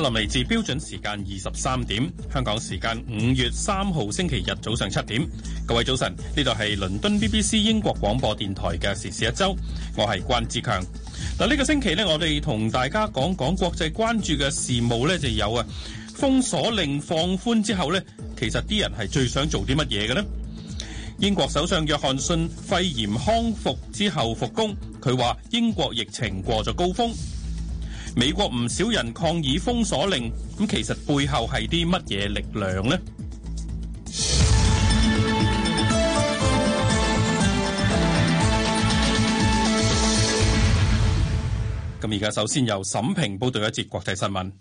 格林尼治標準時間二十三點，香港時間五月三號星期日早上七點。各位早晨，呢度係倫敦 BBC 英國廣播電台嘅時事一周，我係關志強。嗱，呢個星期咧，我哋同大家講講國際關注嘅事務咧，就有啊封鎖令放寬之後呢，其實啲人係最想做啲乜嘢嘅呢？英國首相約翰遜肺炎康復之後復工，佢話英國疫情過咗高峰。美國唔少人抗議封鎖令，咁其實背後係啲乜嘢力量呢？咁而家首先由沈平報道一節國際新聞。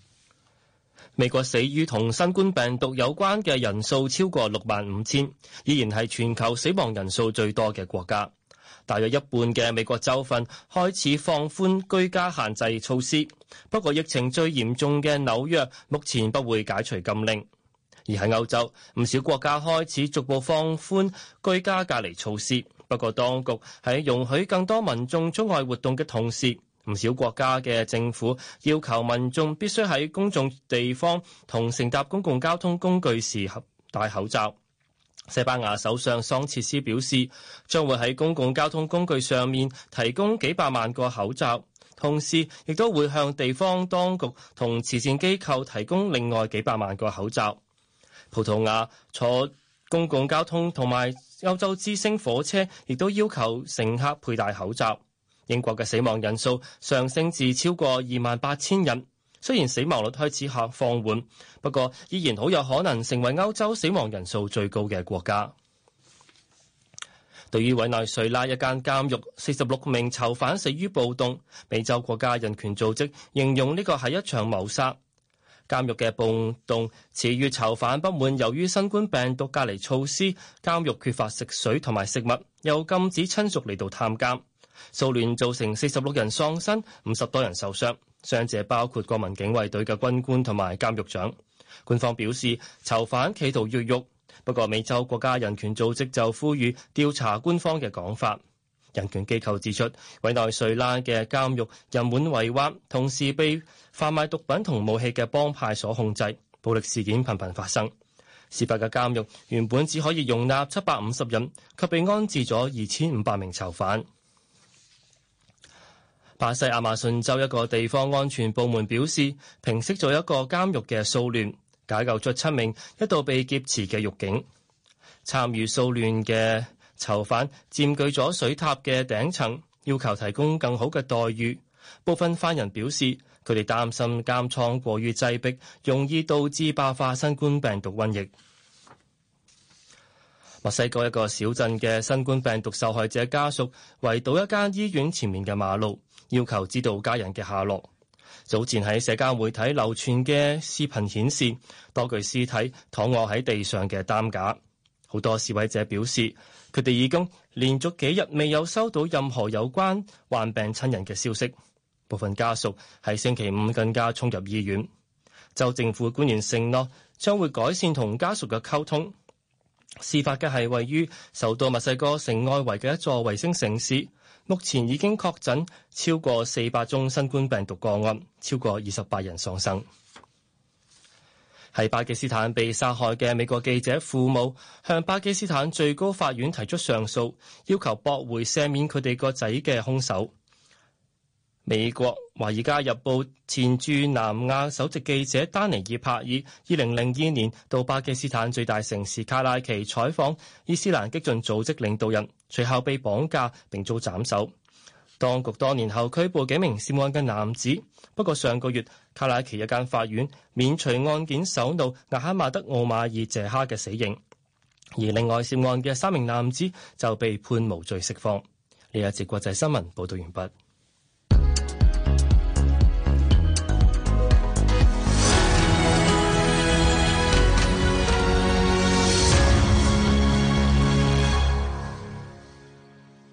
美國死於同新冠病毒有關嘅人數超過六萬五千，依然係全球死亡人數最多嘅國家。大約一半嘅美國州份開始放寬居家限制措施。不過疫情最嚴重嘅紐約目前不會解除禁令，而喺歐洲唔少國家開始逐步放寬居家隔離措施。不過當局喺容許更多民眾出外活動嘅同時，唔少國家嘅政府要求民眾必須喺公眾地方同乘搭公共交通工具時戴口罩。西班牙首相桑切斯表示，將會喺公共交通工具上面提供幾百萬個口罩。同時，亦都會向地方當局同慈善機構提供另外幾百萬個口罩。葡萄牙坐公共交通同埋歐洲之星火車，亦都要求乘客佩戴口罩。英國嘅死亡人數上升至超過二萬八千人，雖然死亡率開始下放緩，不過依然好有可能成為歐洲死亡人數最高嘅國家。對於委內瑞拉一間監獄，四十六名囚犯死於暴動，美洲國家人權組織形容呢個係一場謀殺。監獄嘅暴動始於囚犯不滿，由於新冠病毒隔離措施，監獄缺乏食水同埋食物，又禁止親屬嚟到探監。騷亂造成四十六人喪生，五十多人受傷，傷者包括國民警衛隊嘅軍官同埋監獄長。官方表示，囚犯企圖越獄。不過，美洲國家人權組織就呼籲調查官方嘅講法。人權機構指出，委內瑞拉嘅監獄人滿為患，同時被販賣毒品同武器嘅幫派所控制，暴力事件頻頻發生。事發嘅監獄原本只可以容納七百五十人，卻被安置咗二千五百名囚犯。巴西亞馬遜州一個地方安全部門表示，平息咗一個監獄嘅騷亂。解救出七名一度被劫持嘅獄警，參與騷亂嘅囚犯佔據咗水塔嘅頂層，要求提供更好嘅待遇。部分犯人表示，佢哋擔心監倉過於擠迫，容易導致爆發新冠病毒瘟疫。墨西哥一個小鎮嘅新冠病毒受害者家屬圍堵一間醫院前面嘅馬路，要求知道家人嘅下落。早前喺社交媒體流傳嘅視頻顯示，多具屍體躺卧喺地上嘅擔架。好多示威者表示，佢哋已經連續幾日未有收到任何有關患病親人嘅消息。部分家屬喺星期五更加衝入醫院。州政府官員承諾將會改善同家屬嘅溝通。事發嘅係位於首都墨西哥城外圍嘅一座衛星城市，目前已經確診超過四百宗新冠病毒個案，超過二十八人喪生。喺巴基斯坦被殺害嘅美國記者父母向巴基斯坦最高法院提出上訴，要求駁回赦免佢哋個仔嘅兇手。美國《華爾街日報》前駐南亞首席記者丹尼爾·帕爾，二零零二年到巴基斯坦最大城市卡拉奇採訪伊斯蘭激進組織領導人，隨後被綁架並遭斬首。當局多年後拘捕幾名涉案嘅男子，不過上個月卡拉奇一間法院免除案件首腦阿哈馬德·奧馬爾·謝哈嘅死刑，而另外涉案嘅三名男子就被判無罪釋放。呢一節國際新聞報道完畢。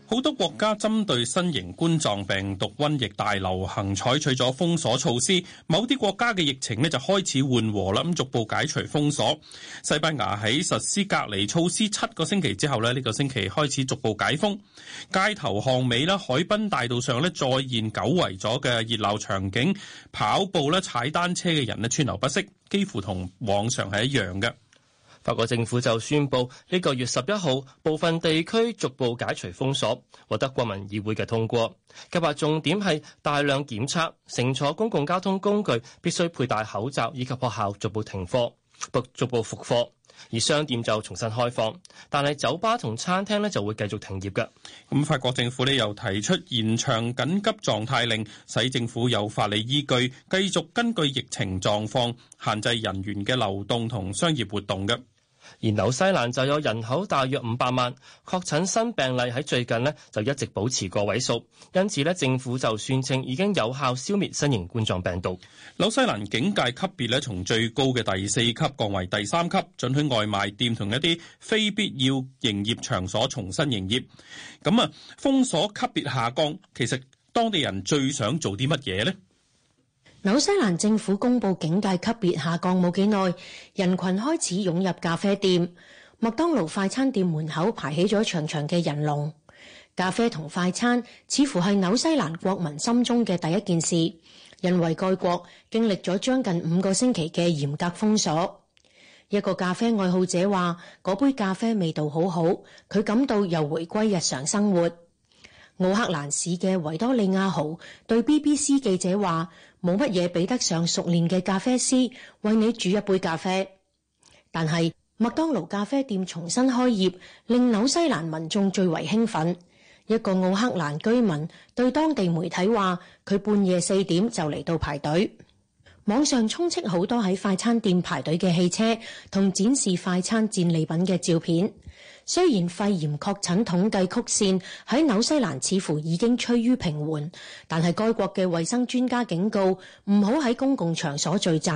好多國家針對新型冠狀病毒瘟疫大流行採取咗封鎖措施，某啲國家嘅疫情咧就開始緩和啦，咁逐步解除封鎖。西班牙喺實施隔離措施七個星期之後咧，呢個星期開始逐步解封，街頭巷尾啦、海濱大道上咧再現久違咗嘅熱鬧場景，跑步咧、踩單車嘅人咧川流不息，幾乎同往常係一樣嘅。法國政府就宣布呢個月十一號部分地區逐步解除封鎖，獲得國民議會嘅通過。計劃重點係大量檢測、乘坐公共交通工具必須佩戴口罩，以及學校逐步停課、逐步復課，而商店就重新開放。但係酒吧同餐廳咧就會繼續停業嘅。咁法國政府咧又提出延長緊急狀態令，使政府有法理依據繼續根據疫情狀況限制人員嘅流動同商業活動嘅。而紐西蘭就有人口大約五百萬，確診新病例喺最近呢就一直保持個位數，因此咧政府就宣稱已經有效消滅新型冠狀病毒。紐西蘭警戒級別咧從最高嘅第四級降為第三級，准許外賣店同一啲非必要營業場所重新營業。咁啊，封鎖級別下降，其實當地人最想做啲乜嘢呢？紐西蘭政府公布警戒級別下降冇幾耐，人群開始湧入咖啡店、麥當勞快餐店門口排起咗長長嘅人龍。咖啡同快餐似乎係紐西蘭國民心中嘅第一件事，因為該國經歷咗將近五個星期嘅嚴格封鎖。一個咖啡愛好者話：嗰杯咖啡味道好好，佢感到又回歸日常生活。奧克蘭市嘅維多利亞豪對 BBC 記者話。.冇乜嘢比得上熟練嘅咖啡師為你煮一杯咖啡，但係麥當勞咖啡店重新開業令紐西蘭民眾最為興奮，一個奧克蘭居民對當地媒體話，佢半夜四點就嚟到排隊，網上充斥好多喺快餐店排隊嘅汽車同展示快餐戰利品嘅照片。雖然肺炎確診統計曲線喺紐西蘭似乎已經趨於平緩，但係該國嘅衛生專家警告唔好喺公共場所聚集。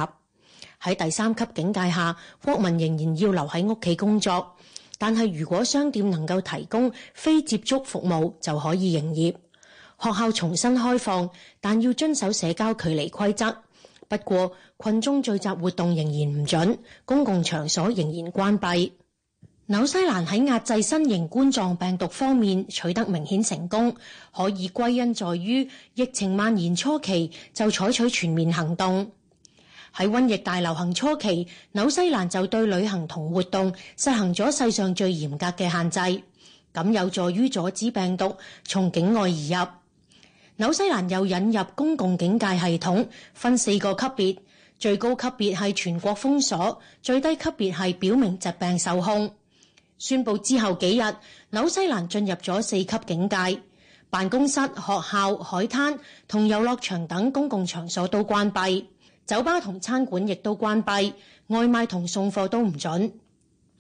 喺第三級警戒下，國民仍然要留喺屋企工作。但係如果商店能夠提供非接觸服務，就可以營業。學校重新開放，但要遵守社交距離規則。不過，群眾聚集活動仍然唔准，公共場所仍然關閉。紐西蘭喺壓制新型冠狀病毒方面取得明顯成功，可以歸因在於疫情蔓延初期就採取全面行動。喺瘟疫大流行初期，紐西蘭就對旅行同活動實行咗世上最嚴格嘅限制，咁有助於阻止病毒從境外移入。紐西蘭又引入公共警戒系統，分四個級別，最高級別係全國封鎖，最低級別係表明疾病受控。宣布之後幾日，紐西蘭進入咗四級警戒，辦公室、學校、海灘同遊樂場等公共場所都關閉，酒吧同餐館亦都關閉，外賣同送貨都唔准。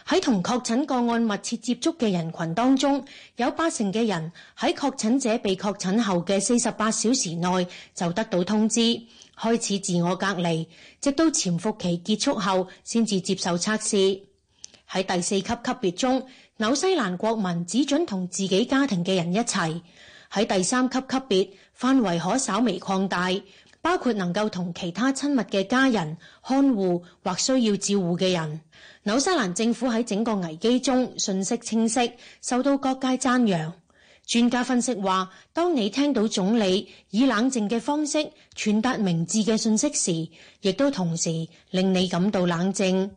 喺同確診個案密切接觸嘅人群當中，有八成嘅人喺確診者被確診後嘅四十八小時內就得到通知，開始自我隔離，直到潛伏期結束後先至接受測試。喺第四級級別中，紐西蘭國民只准同自己家庭嘅人一齊。喺第三級級別，範圍可稍微擴大，包括能夠同其他親密嘅家人、看護或需要照顧嘅人。紐西蘭政府喺整個危機中信息清晰，受到各界讚揚。專家分析話，當你聽到總理以冷靜嘅方式傳達明智嘅信息時，亦都同時令你感到冷靜。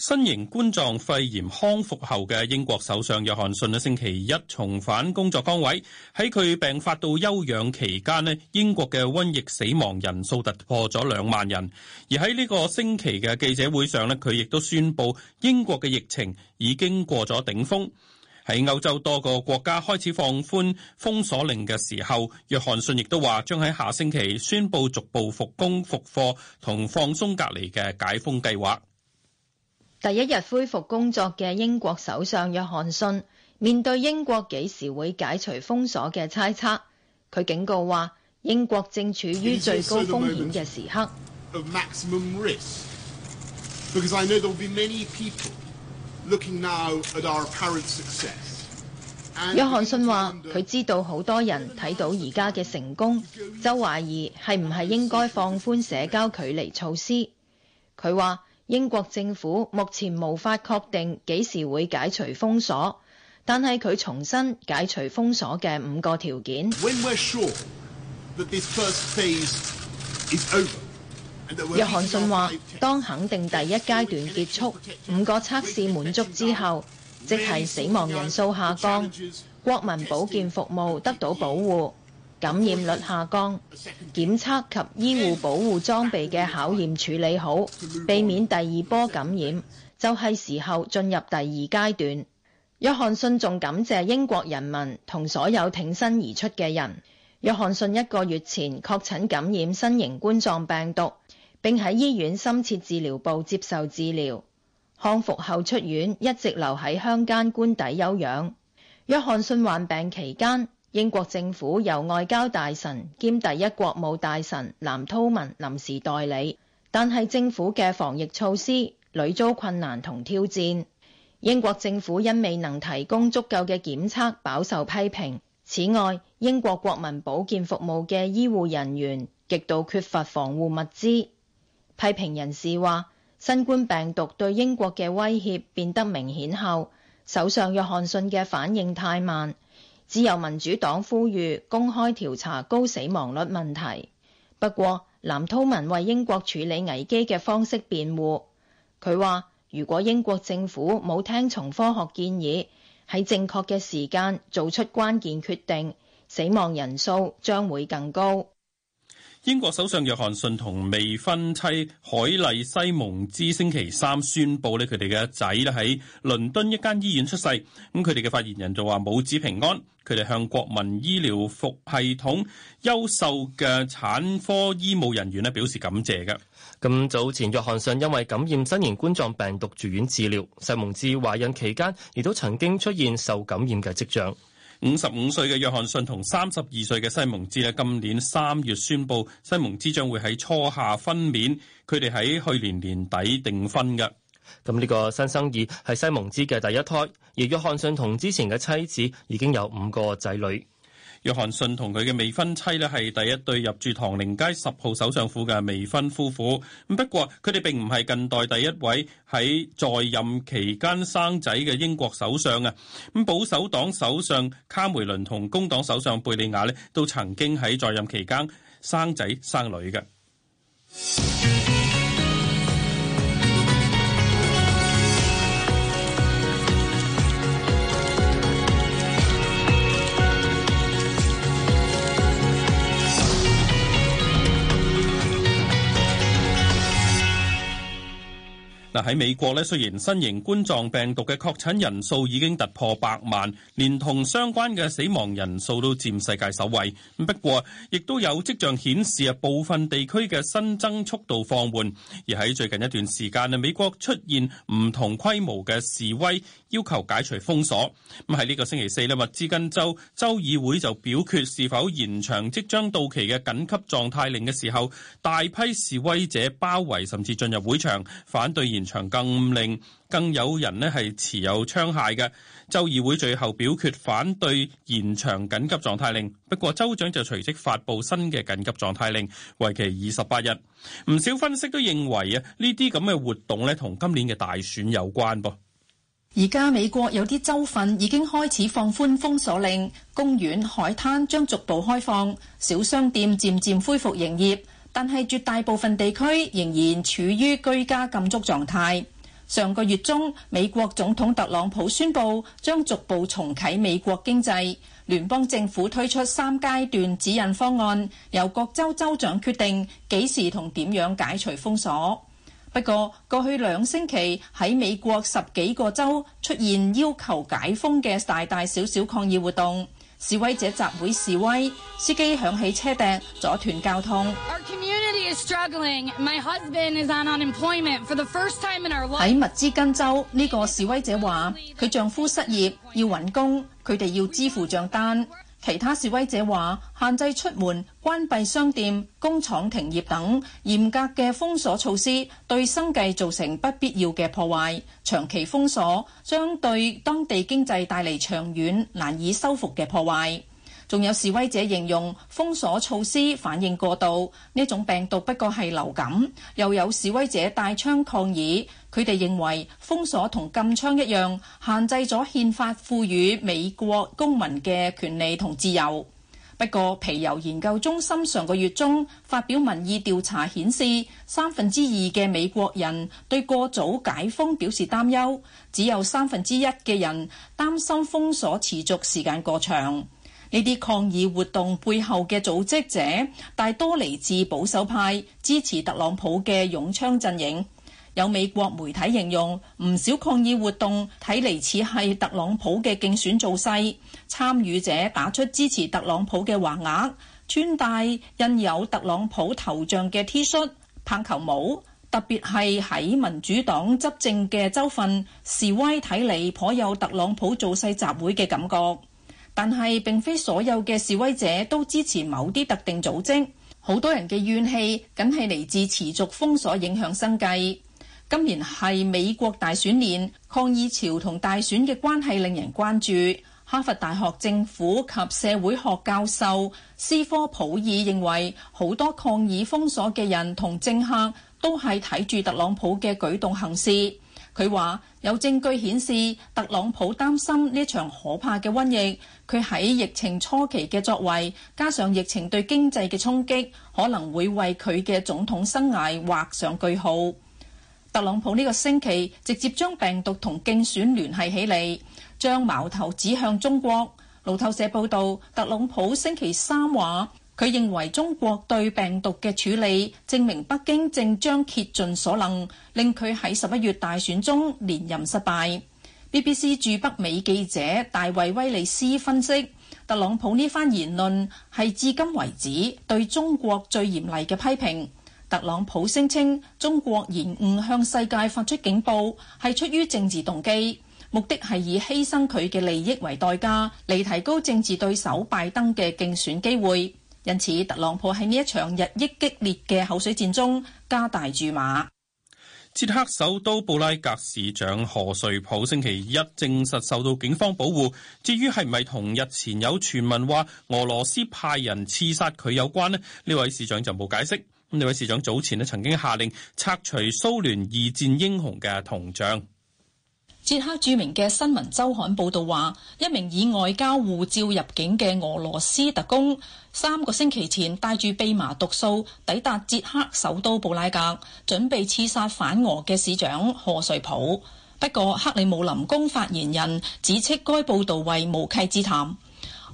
新型冠狀肺炎康復後嘅英國首相約翰遜呢星期一重返工作崗位。喺佢病發到休養期間呢，英國嘅瘟疫死亡人數突破咗兩萬人。而喺呢個星期嘅記者會上呢，佢亦都宣布英國嘅疫情已經過咗頂峰。喺歐洲多個國家開始放寬封鎖令嘅時候，約翰遜亦都話將喺下星期宣布逐步復工復課同放鬆隔離嘅解封計劃。第一日恢復工作嘅英國首相約翰遜面對英國幾時會解除封鎖嘅猜測，佢警告話英國正處於最高風險嘅時刻。This this risk, success, 約翰遜話：佢知道好多人睇到而家嘅成功，就懷疑係唔係應該放寬社交距離措施。佢話。英國政府目前無法確定幾時會解除封鎖，但係佢重申解除封鎖嘅五個條件。約翰遜話：當肯定第一階段結束，五個測試滿足之後，即係死亡人數下降，國民保健服務得到保護。感染率下降，檢測及醫護保護裝備嘅考驗處理好，避免第二波感染，就係時候進入第二階段。約翰遜仲感謝英國人民同所有挺身而出嘅人。約翰遜一個月前確診感染新型冠狀病毒，並喺醫院深切治療部接受治療，康復後出院，一直留喺鄉間官邸休養。約翰遜患病期間，英國政府由外交大臣兼第一國務大臣藍韜文臨時代理，但係政府嘅防疫措施屢遭困難同挑戰。英國政府因未能提供足夠嘅檢測飽受批評。此外，英國國民保健服務嘅醫護人員極度缺乏防護物資。批評人士話：新冠病毒對英國嘅威脅變得明顯後，首相約翰遜嘅反應太慢。只有民主黨呼籲公開調查高死亡率問題。不過，藍韜文為英國處理危機嘅方式辯護。佢話：如果英國政府冇聽從科學建議，喺正確嘅時間做出關鍵決定，死亡人數將會更高。英國首相約翰遜同未婚妻凱麗·西蒙茲星期三宣布咧，佢哋嘅仔咧喺倫敦一間醫院出世。咁佢哋嘅發言人就話母子平安。佢哋向國民醫療服系統優秀嘅產科醫務人員咧表示感謝嘅。咁早前約翰遜因為感染新型冠狀病毒住院治療，西蒙茲懷孕期間亦都曾經出現受感染嘅跡象。五十五歲嘅約翰遜同三十二歲嘅西蒙茲咧，今年三月宣布西蒙茲將會喺初夏分娩。佢哋喺去年年底訂婚嘅。咁呢個新生兒係西蒙茲嘅第一胎，而約翰遜同之前嘅妻子已經有五個仔女。約翰遜同佢嘅未婚妻呢係第一對入住唐寧街十號首相府嘅未婚夫婦。不過佢哋並唔係近代第一位喺在，在任期間生仔嘅英國首相啊。咁保守黨首相卡梅倫同工黨首相貝利亞呢都曾經喺在，在任期間生仔生女嘅。嗱喺美國咧，雖然新型冠狀病毒嘅確診人數已經突破百萬，連同相關嘅死亡人數都佔世界首位。不過，亦都有跡象顯示啊，部分地區嘅新增速度放緩。而喺最近一段時間啊，美國出現唔同規模嘅示威，要求解除封鎖。咁喺呢個星期四咧，密芝根州州議會就表決是否延長即將到期嘅緊急狀態令嘅時候，大批示威者包圍甚至進入會場，反對延長更令，更有人咧係持有槍械嘅。州議會最後表決反對延長緊急狀態令，不過州長就隨即發布新嘅緊急狀態令，為期二十八日。唔少分析都認為啊，呢啲咁嘅活動咧同今年嘅大選有關噃。而家美國有啲州份已經開始放寬封鎖令，公園、海灘將逐步開放，小商店漸漸恢復營業。但係絕大部分地區仍然處於居家禁足狀態。上個月中，美國總統特朗普宣布將逐步重啟美國經濟，聯邦政府推出三階段指引方案，由各州州長決定幾時同點樣解除封鎖。不過，過去兩星期，喺美國十幾個州出現要求解封嘅大大小小抗議活動。示威者集會示威，司機響起車笛阻斷交通。Our community is struggling. My husband is on unemployment for the first time in our lives. 喺密芝根州，呢、這個示威者話：佢丈夫失業要搵工，佢哋要支付賬單。其他示威者話，限制出門、關閉商店、工廠停業等嚴格嘅封鎖措施，對生計造成不必要嘅破壞。長期封鎖將對當地經濟帶嚟長遠難以修復嘅破壞。仲有示威者形容封鎖措施反應過度，呢種病毒不過係流感。又有示威者帶槍抗議。佢哋認為封鎖同禁槍一樣，限制咗憲法賦予美國公民嘅權利同自由。不過，皮尤研究中心上個月中發表民意調查顯示，三分之二嘅美國人對過早解封表示擔憂，只有三分之一嘅人擔心封鎖持續時間過長。呢啲抗議活動背後嘅組織者大多嚟自保守派，支持特朗普嘅擁槍陣營。有美國媒體形容唔少抗議活動睇嚟似係特朗普嘅競選造勢，參與者打出支持特朗普嘅橫額，穿戴印有特朗普頭像嘅 T 恤、shirt，棒球帽，特別係喺民主黨執政嘅州份示威，睇嚟頗有特朗普造勢集會嘅感覺。但係，並非所有嘅示威者都支持某啲特定組織，好多人嘅怨氣梗係嚟自持續封鎖影響生計。今年係美國大選年，抗議潮同大選嘅關係令人關注。哈佛大學政府及社會學教授斯科普爾認為，好多抗議封鎖嘅人同政客都係睇住特朗普嘅舉動行事。佢話，有證據顯示，特朗普擔心呢場可怕嘅瘟疫。佢喺疫情初期嘅作為，加上疫情對經濟嘅衝擊，可能會為佢嘅總統生涯畫上句號。特朗普呢個星期直接將病毒同競選聯繫起嚟，將矛頭指向中國。路透社報道，特朗普星期三話，佢認為中國對病毒嘅處理證明北京正將竭盡所能，令佢喺十一月大選中連任失敗。BBC 駐北美記者大衛威利斯分析，特朗普呢番言論係至今為止對中國最嚴厲嘅批評。特朗普聲稱中國延誤向世界發出警報，係出於政治動機，目的係以犧牲佢嘅利益為代價嚟提高政治對手拜登嘅競選機會。因此，特朗普喺呢一場日益激烈嘅口水戰中加大注碼。捷克首都布拉格市長何瑞普星期一證實受到警方保護。至於係唔係同日前有傳聞話俄羅斯派人刺殺佢有關呢？呢位市長就冇解釋。呢位市長早前呢曾經下令拆除蘇聯二戰英雄嘅銅像。捷克著名嘅新聞周刊報道話，一名以外交護照入境嘅俄羅斯特工，三個星期前帶住蓖麻毒素抵達捷克首都布拉格，準備刺殺反俄嘅市長賀瑞普。不過，克里姆林宮發言人指斥該報道為無稽之談。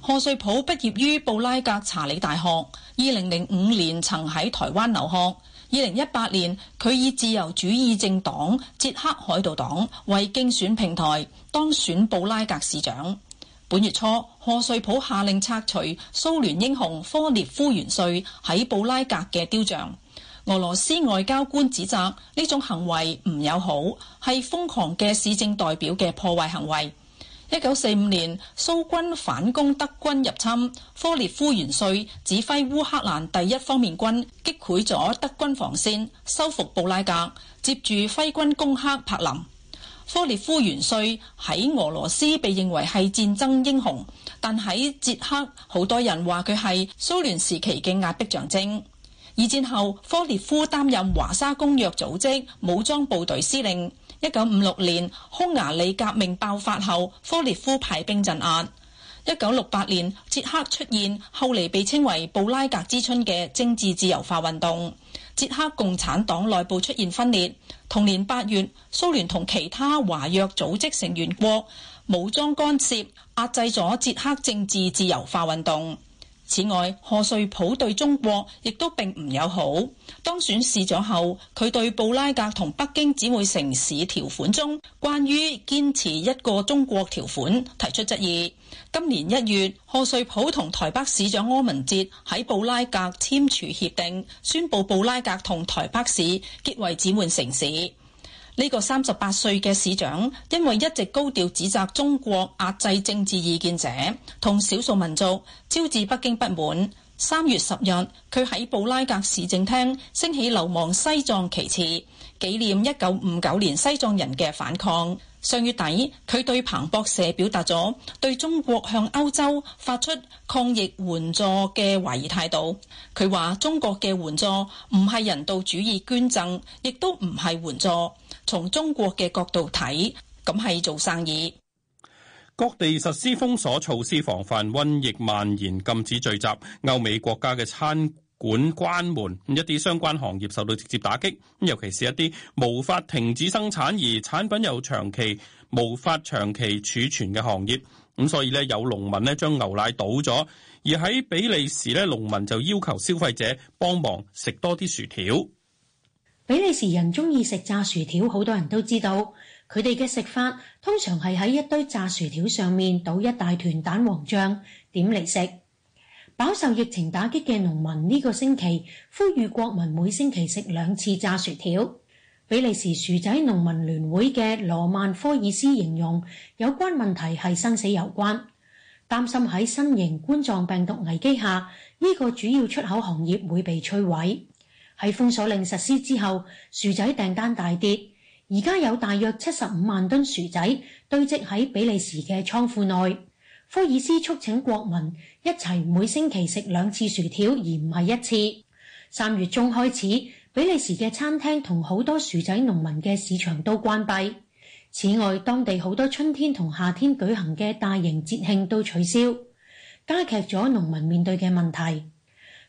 賀瑞普畢業於布拉格查理大學，二零零五年曾喺台灣留學。二零一八年，佢以自由主義政黨捷克海盜黨為競選平台當選布拉格市長。本月初，賀瑞普下令拆除蘇聯英雄科涅夫元帥喺布拉格嘅雕像。俄羅斯外交官指責呢種行為唔友好，係瘋狂嘅市政代表嘅破壞行為。一九四五年，蘇軍反攻德軍入侵，科列夫元帥指揮烏克蘭第一方面軍擊潰咗德軍防線，收復布拉格，接住揮軍攻克柏林。科列夫元帥喺俄羅斯被認為係戰爭英雄，但喺捷克好多人話佢係蘇聯時期嘅壓迫象徵。二戰後，科列夫擔任華沙公約組織武裝部隊司令。一九五六年，匈牙利革命爆發後，科列夫派兵鎮壓。一九六八年，捷克出現後嚟被稱為布拉格之春嘅政治自由化運動。捷克共產黨內部出現分裂。同年八月，蘇聯同其他華約組織成員國武裝干涉，壓制咗捷克政治自由化運動。此外，賀瑞普對中國亦都並唔友好。當選市長後，佢對布拉格同北京姊妹城市條款中關於堅持一個中國條款提出質疑。今年一月，賀瑞普同台北市長柯文哲喺布拉格簽署協定，宣布布拉格同台北市結為姊妹城市。呢個三十八歲嘅市長，因為一直高調指責中國壓制政治意見者同少數民族，招致北京不滿。三月十日，佢喺布拉格市政廳升起流亡西藏旗幟，紀念一九五九年西藏人嘅反抗。上月底，佢對彭博社表達咗對中國向歐洲發出抗疫援助嘅懷疑態度。佢話：中國嘅援助唔係人道主義捐贈，亦都唔係援助。從中國嘅角度睇，咁係做生意。各地實施封鎖措施防範，防範瘟疫蔓延，禁止聚集。歐美國家嘅餐館關門，一啲相關行業受到直接打擊。尤其是一啲無法停止生產而產品又長期無法長期儲存嘅行業。咁所以呢，有農民呢將牛奶倒咗，而喺比利時呢，農民就要求消費者幫忙食多啲薯條。比利時人鍾意食炸薯條，好多人都知道。佢哋嘅食法通常係喺一堆炸薯條上面倒一大團蛋黃醬，點嚟食。飽受疫情打擊嘅農民呢個星期呼籲國民每星期食兩次炸薯條。比利時薯仔農民聯會嘅羅曼科爾斯形容有關問題係生死有關，擔心喺新型冠狀病毒危機下，呢個主要出口行業會被摧毀。喺封鎖令實施之後，薯仔訂單大跌，而家有大約七十五萬噸薯仔堆積喺比利時嘅倉庫內。科爾斯促請國民一齊每星期食兩次薯條，而唔係一次。三月中開始，比利時嘅餐廳同好多薯仔農民嘅市場都關閉。此外，當地好多春天同夏天舉行嘅大型節慶都取消，加劇咗農民面對嘅問題。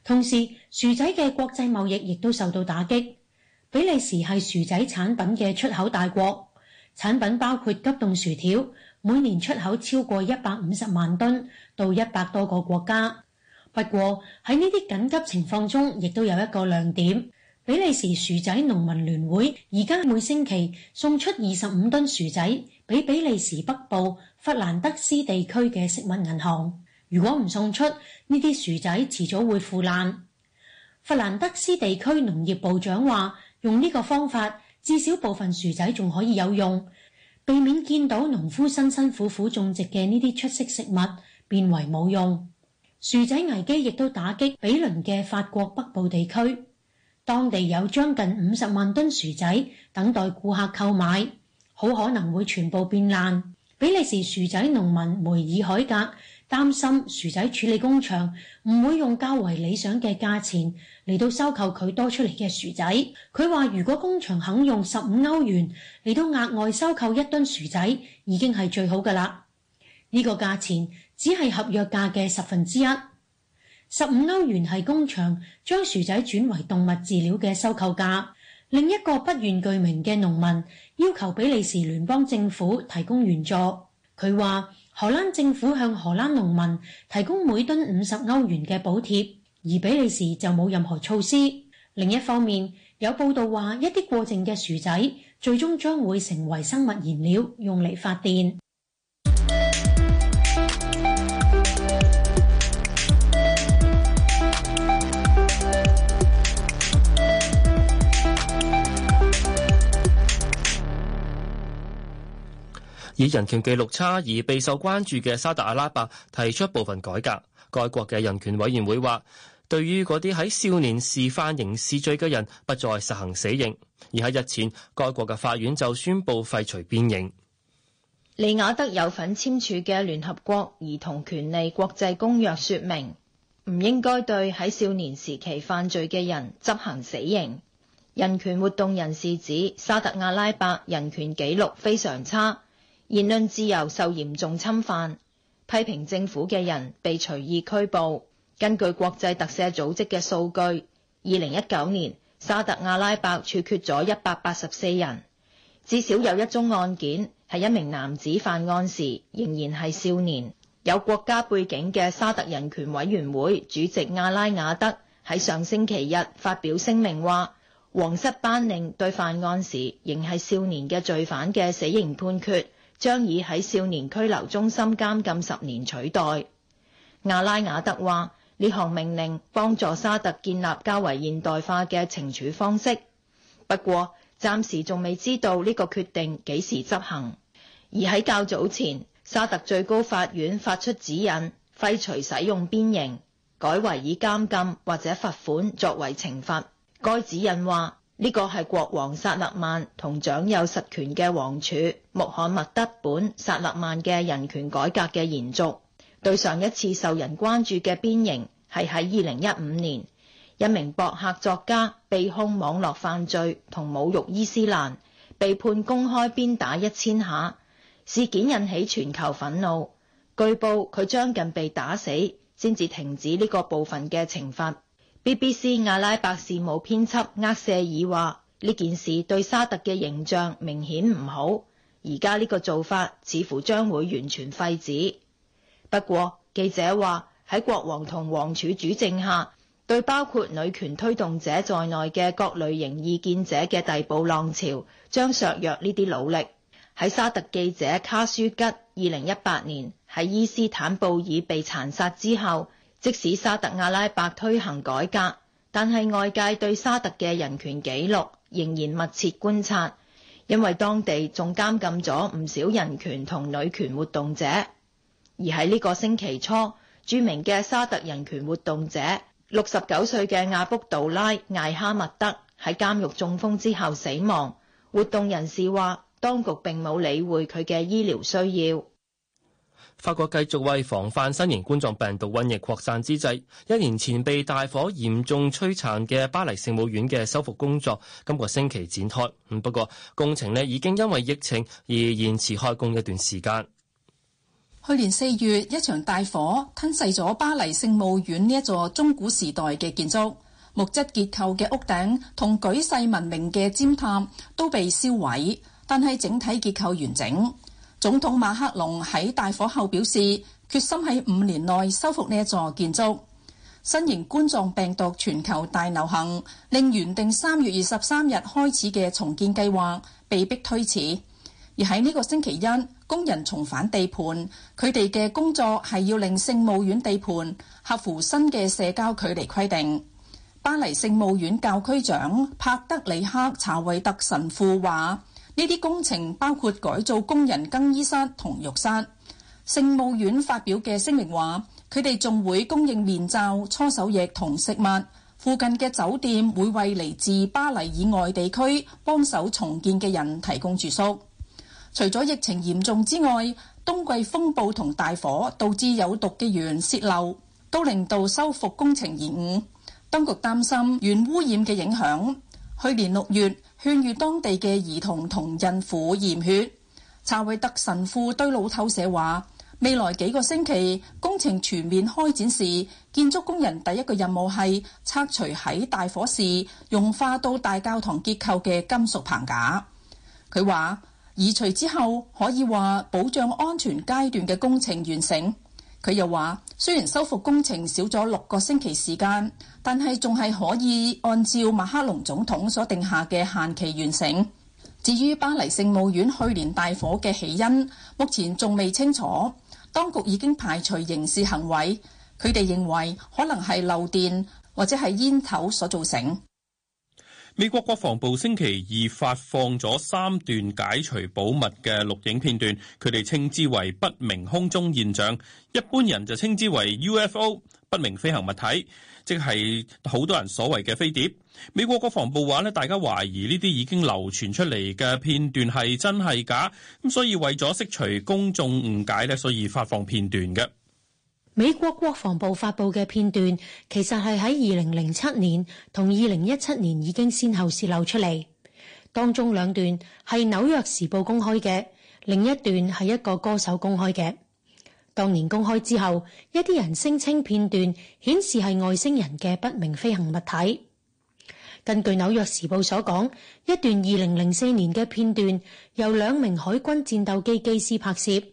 同時，薯仔嘅國際貿易亦都受到打擊。比利時係薯仔產品嘅出口大國，產品包括急凍薯條，每年出口超過一百五十萬噸，到一百多個國家。不過喺呢啲緊急情況中，亦都有一個亮點。比利時薯仔農民聯會而家每星期送出二十五噸薯仔俾比利時北部弗蘭德斯地區嘅食物銀行。如果唔送出，呢啲薯仔遲早會腐爛。弗蘭德斯地區農業部長話：用呢個方法，至少部分薯仔仲可以有用，避免見到農夫辛辛苦苦種植嘅呢啲出色食物變為冇用。薯仔危機亦都打擊比鄰嘅法國北部地區，當地有將近五十萬噸薯仔等待顧客購買，好可能會全部變爛。比利時薯仔農民梅爾海格。擔心薯仔處理工廠唔會用較為理想嘅價錢嚟到收購佢多出嚟嘅薯仔。佢話如果工廠肯用十五歐元嚟到額外收購一噸薯仔，已經係最好噶啦。呢個價錢只係合約價嘅十分之一。十五歐元係工廠將薯仔轉為動物飼料嘅收購價。另一個不願具名嘅農民要求比利時聯邦政府提供援助。佢話。荷蘭政府向荷蘭農民提供每噸五十歐元嘅補貼，而比利時就冇任何措施。另一方面，有報道話一啲過剩嘅薯仔最終將會成為生物燃料，用嚟發電。以人權記錄差而備受關注嘅沙特阿拉伯提出部分改革。該國嘅人權委員會話，對於嗰啲喺少年時犯刑事罪嘅人，不再實行死刑。而喺日前，該國嘅法院就宣布廢除鞭刑。利雅德有份簽署嘅聯合國兒童權利國際公約，說明唔應該對喺少年時期犯罪嘅人執行死刑。人權活動人士指，沙特阿拉伯人權記錄非常差。言論自由受嚴重侵犯，批評政府嘅人被隨意拘捕。根據國際特赦組織嘅數據，二零一九年沙特阿拉伯處決咗一百八十四人，至少有一宗案件係一名男子犯案時仍然係少年。有國家背景嘅沙特人權委員會主席阿拉亞德喺上星期日發表聲明，話皇室頒令對犯案時仍係少年嘅罪犯嘅死刑判決。將以喺少年拘留中心監禁十年取代。阿拉雅德話：呢項命令幫助沙特建立較為現代化嘅懲處方式。不過，暫時仲未知道呢個決定幾時執行。而喺較早前，沙特最高法院發出指引，廢除使用鞭刑，改為以監禁或者罰款作為懲罰。該指引話：呢個係國王薩勒曼同掌有實權嘅王儲穆罕默德本薩勒曼嘅人權改革嘅延續。對上一次受人關注嘅鞭刑係喺二零一五年，一名博客作家被控網絡犯罪同侮辱伊斯蘭，被判公開鞭打一千下。事件引起全球憤怒，據報佢將近被打死，先至停止呢個部分嘅懲罰。BBC 阿拉伯事務編輯厄舍爾話：呢件事對沙特嘅形象明顯唔好，而家呢個做法似乎將會完全廢止。不過記者話喺國王同王儲主政下，對包括女權推動者在內嘅各類型異見者嘅逮捕浪潮，將削弱呢啲努力。喺沙特記者卡舒吉二零一八年喺伊斯坦布爾被殘殺之後。即使沙特阿拉伯推行改革，但係外界對沙特嘅人權紀錄仍然密切觀察，因為當地仲監禁咗唔少人權同女權活動者。而喺呢個星期初，著名嘅沙特人權活動者六十九歲嘅阿卜杜拉艾哈密德喺監獄中風之後死亡，活動人士話當局並冇理會佢嘅醫療需要。法國繼續為防範新型冠狀病毒瘟疫擴散之際，一年前被大火嚴重摧殘嘅巴黎聖母院嘅修復工作今個星期展開。不過工程呢已經因為疫情而延遲開工一段時間。去年四月，一場大火吞噬咗巴黎聖母院呢一座中古時代嘅建築，木質結構嘅屋頂同舉世聞名嘅尖塔都被燒毀，但係整體結構完整。總統馬克龍喺大火後表示，決心喺五年內修復呢一座建築。新型冠狀病毒全球大流行令原定三月二十三日開始嘅重建計劃被迫推遲。而喺呢個星期一，工人重返地盤，佢哋嘅工作係要令聖母院地盤合乎新嘅社交距離規定。巴黎聖母院教區長帕德里克查韋特神父話。呢啲工程包括改造工人更衣室同浴室。聖母院發表嘅聲明話，佢哋仲會供應面罩、搓手液同食物。附近嘅酒店會為嚟自巴黎以外地區幫手重建嘅人提供住宿。除咗疫情嚴重之外，冬季風暴同大火導致有毒嘅源洩漏，都令到修復工程延誤，當局擔心源污染嘅影響，去年六月，勸喻當地嘅兒童同孕婦驗血。查韋特神父對老透社話：未來幾個星期工程全面開展時，建築工人第一個任務係拆除喺大火時融化到大教堂結構嘅金屬棚架。佢話移除之後可以話保障安全階段嘅工程完成。佢又話：雖然修復工程少咗六個星期時間，但係仲係可以按照馬克龍總統所定下嘅限期完成。至於巴黎聖母院去年大火嘅起因，目前仲未清楚。當局已經排除刑事行為，佢哋認為可能係漏電或者係煙頭所造成。美國國防部星期二發放咗三段解除保密嘅錄影片段，佢哋稱之為不明空中現象，一般人就稱之為 UFO 不明飛行物體，即係好多人所謂嘅飛碟。美國國防部話咧，大家懷疑呢啲已經流傳出嚟嘅片段係真係假，咁所以為咗釋除公眾誤解咧，所以發放片段嘅。美國國防部發佈嘅片段，其實係喺二零零七年同二零一七年已經先後洩露出嚟。當中兩段係紐約時報公開嘅，另一段係一個歌手公開嘅。當年公開之後，一啲人聲稱片段顯示係外星人嘅不明飛行物體。根據紐約時報所講，一段二零零四年嘅片段由兩名海軍戰鬥機機師拍攝。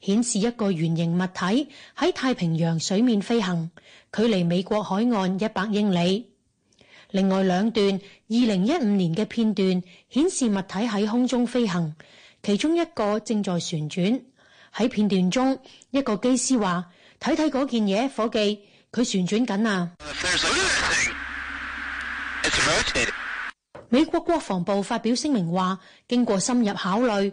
顯示一個圓形物體喺太平洋水面飛行，距離美國海岸一百英里。另外兩段二零一五年嘅片段顯示物體喺空中飛行，其中一個正在旋轉。喺片段中，一個機師話：「睇睇嗰件嘢，伙計，佢旋轉緊啊。」美國國防部發表聲明話，經過深入考慮。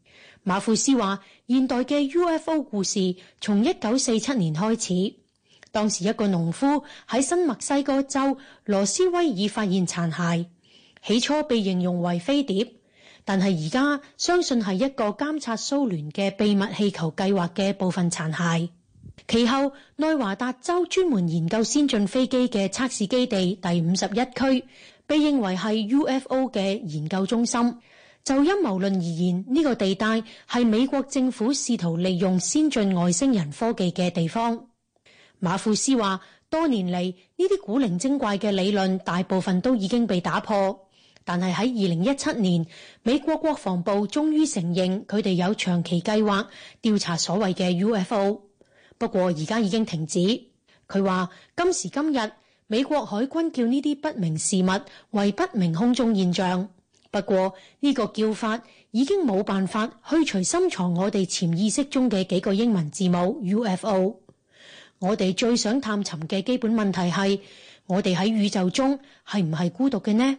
馬庫斯話：現代嘅 UFO 故事從一九四七年開始，當時一個農夫喺新墨西哥州羅斯威爾發現殘骸，起初被形容為飛碟，但係而家相信係一個監察蘇聯嘅秘密氣球計劃嘅部分殘骸。其後，內華達州專門研究先進飛機嘅測試基地第五十一區，被認為係 UFO 嘅研究中心。就陰謀論而言，呢個地帶係美國政府試圖利用先進外星人科技嘅地方。馬庫斯話，多年嚟呢啲古靈精怪嘅理論，大部分都已經被打破。但係喺二零一七年，美國國防部終於承認佢哋有長期計劃調查所謂嘅 UFO。不過而家已經停止。佢話，今時今日，美國海軍叫呢啲不明事物為不明空中現象。不過呢個叫法已經冇辦法去除深藏我哋潛意識中嘅幾個英文字母 UFO。我哋最想探尋嘅基本問題係：我哋喺宇宙中係唔係孤獨嘅呢？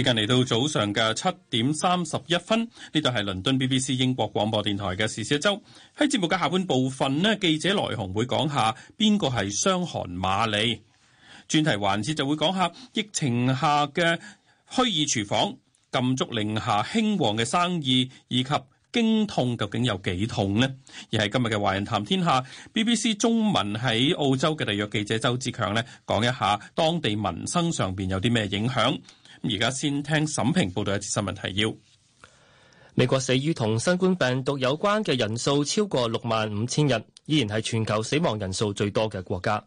時間嚟到早上嘅七點三十一分，呢度係倫敦 BBC 英國廣播電台嘅時事一周。喺節目嘅下半部分呢，記者來紅會講下邊個係傷寒瑪麗專題環節，就會講下疫情下嘅虛擬廚房、禁足令下興旺嘅生意，以及經痛究竟有幾痛呢。而係今日嘅華人談天下，BBC 中文喺澳洲嘅特約記者周志強呢，講一下當地民生上邊有啲咩影響。而家先聽沈平報道一節新聞提要。美國死於同新冠病毒有關嘅人數超過六萬五千人，依然係全球死亡人數最多嘅國家。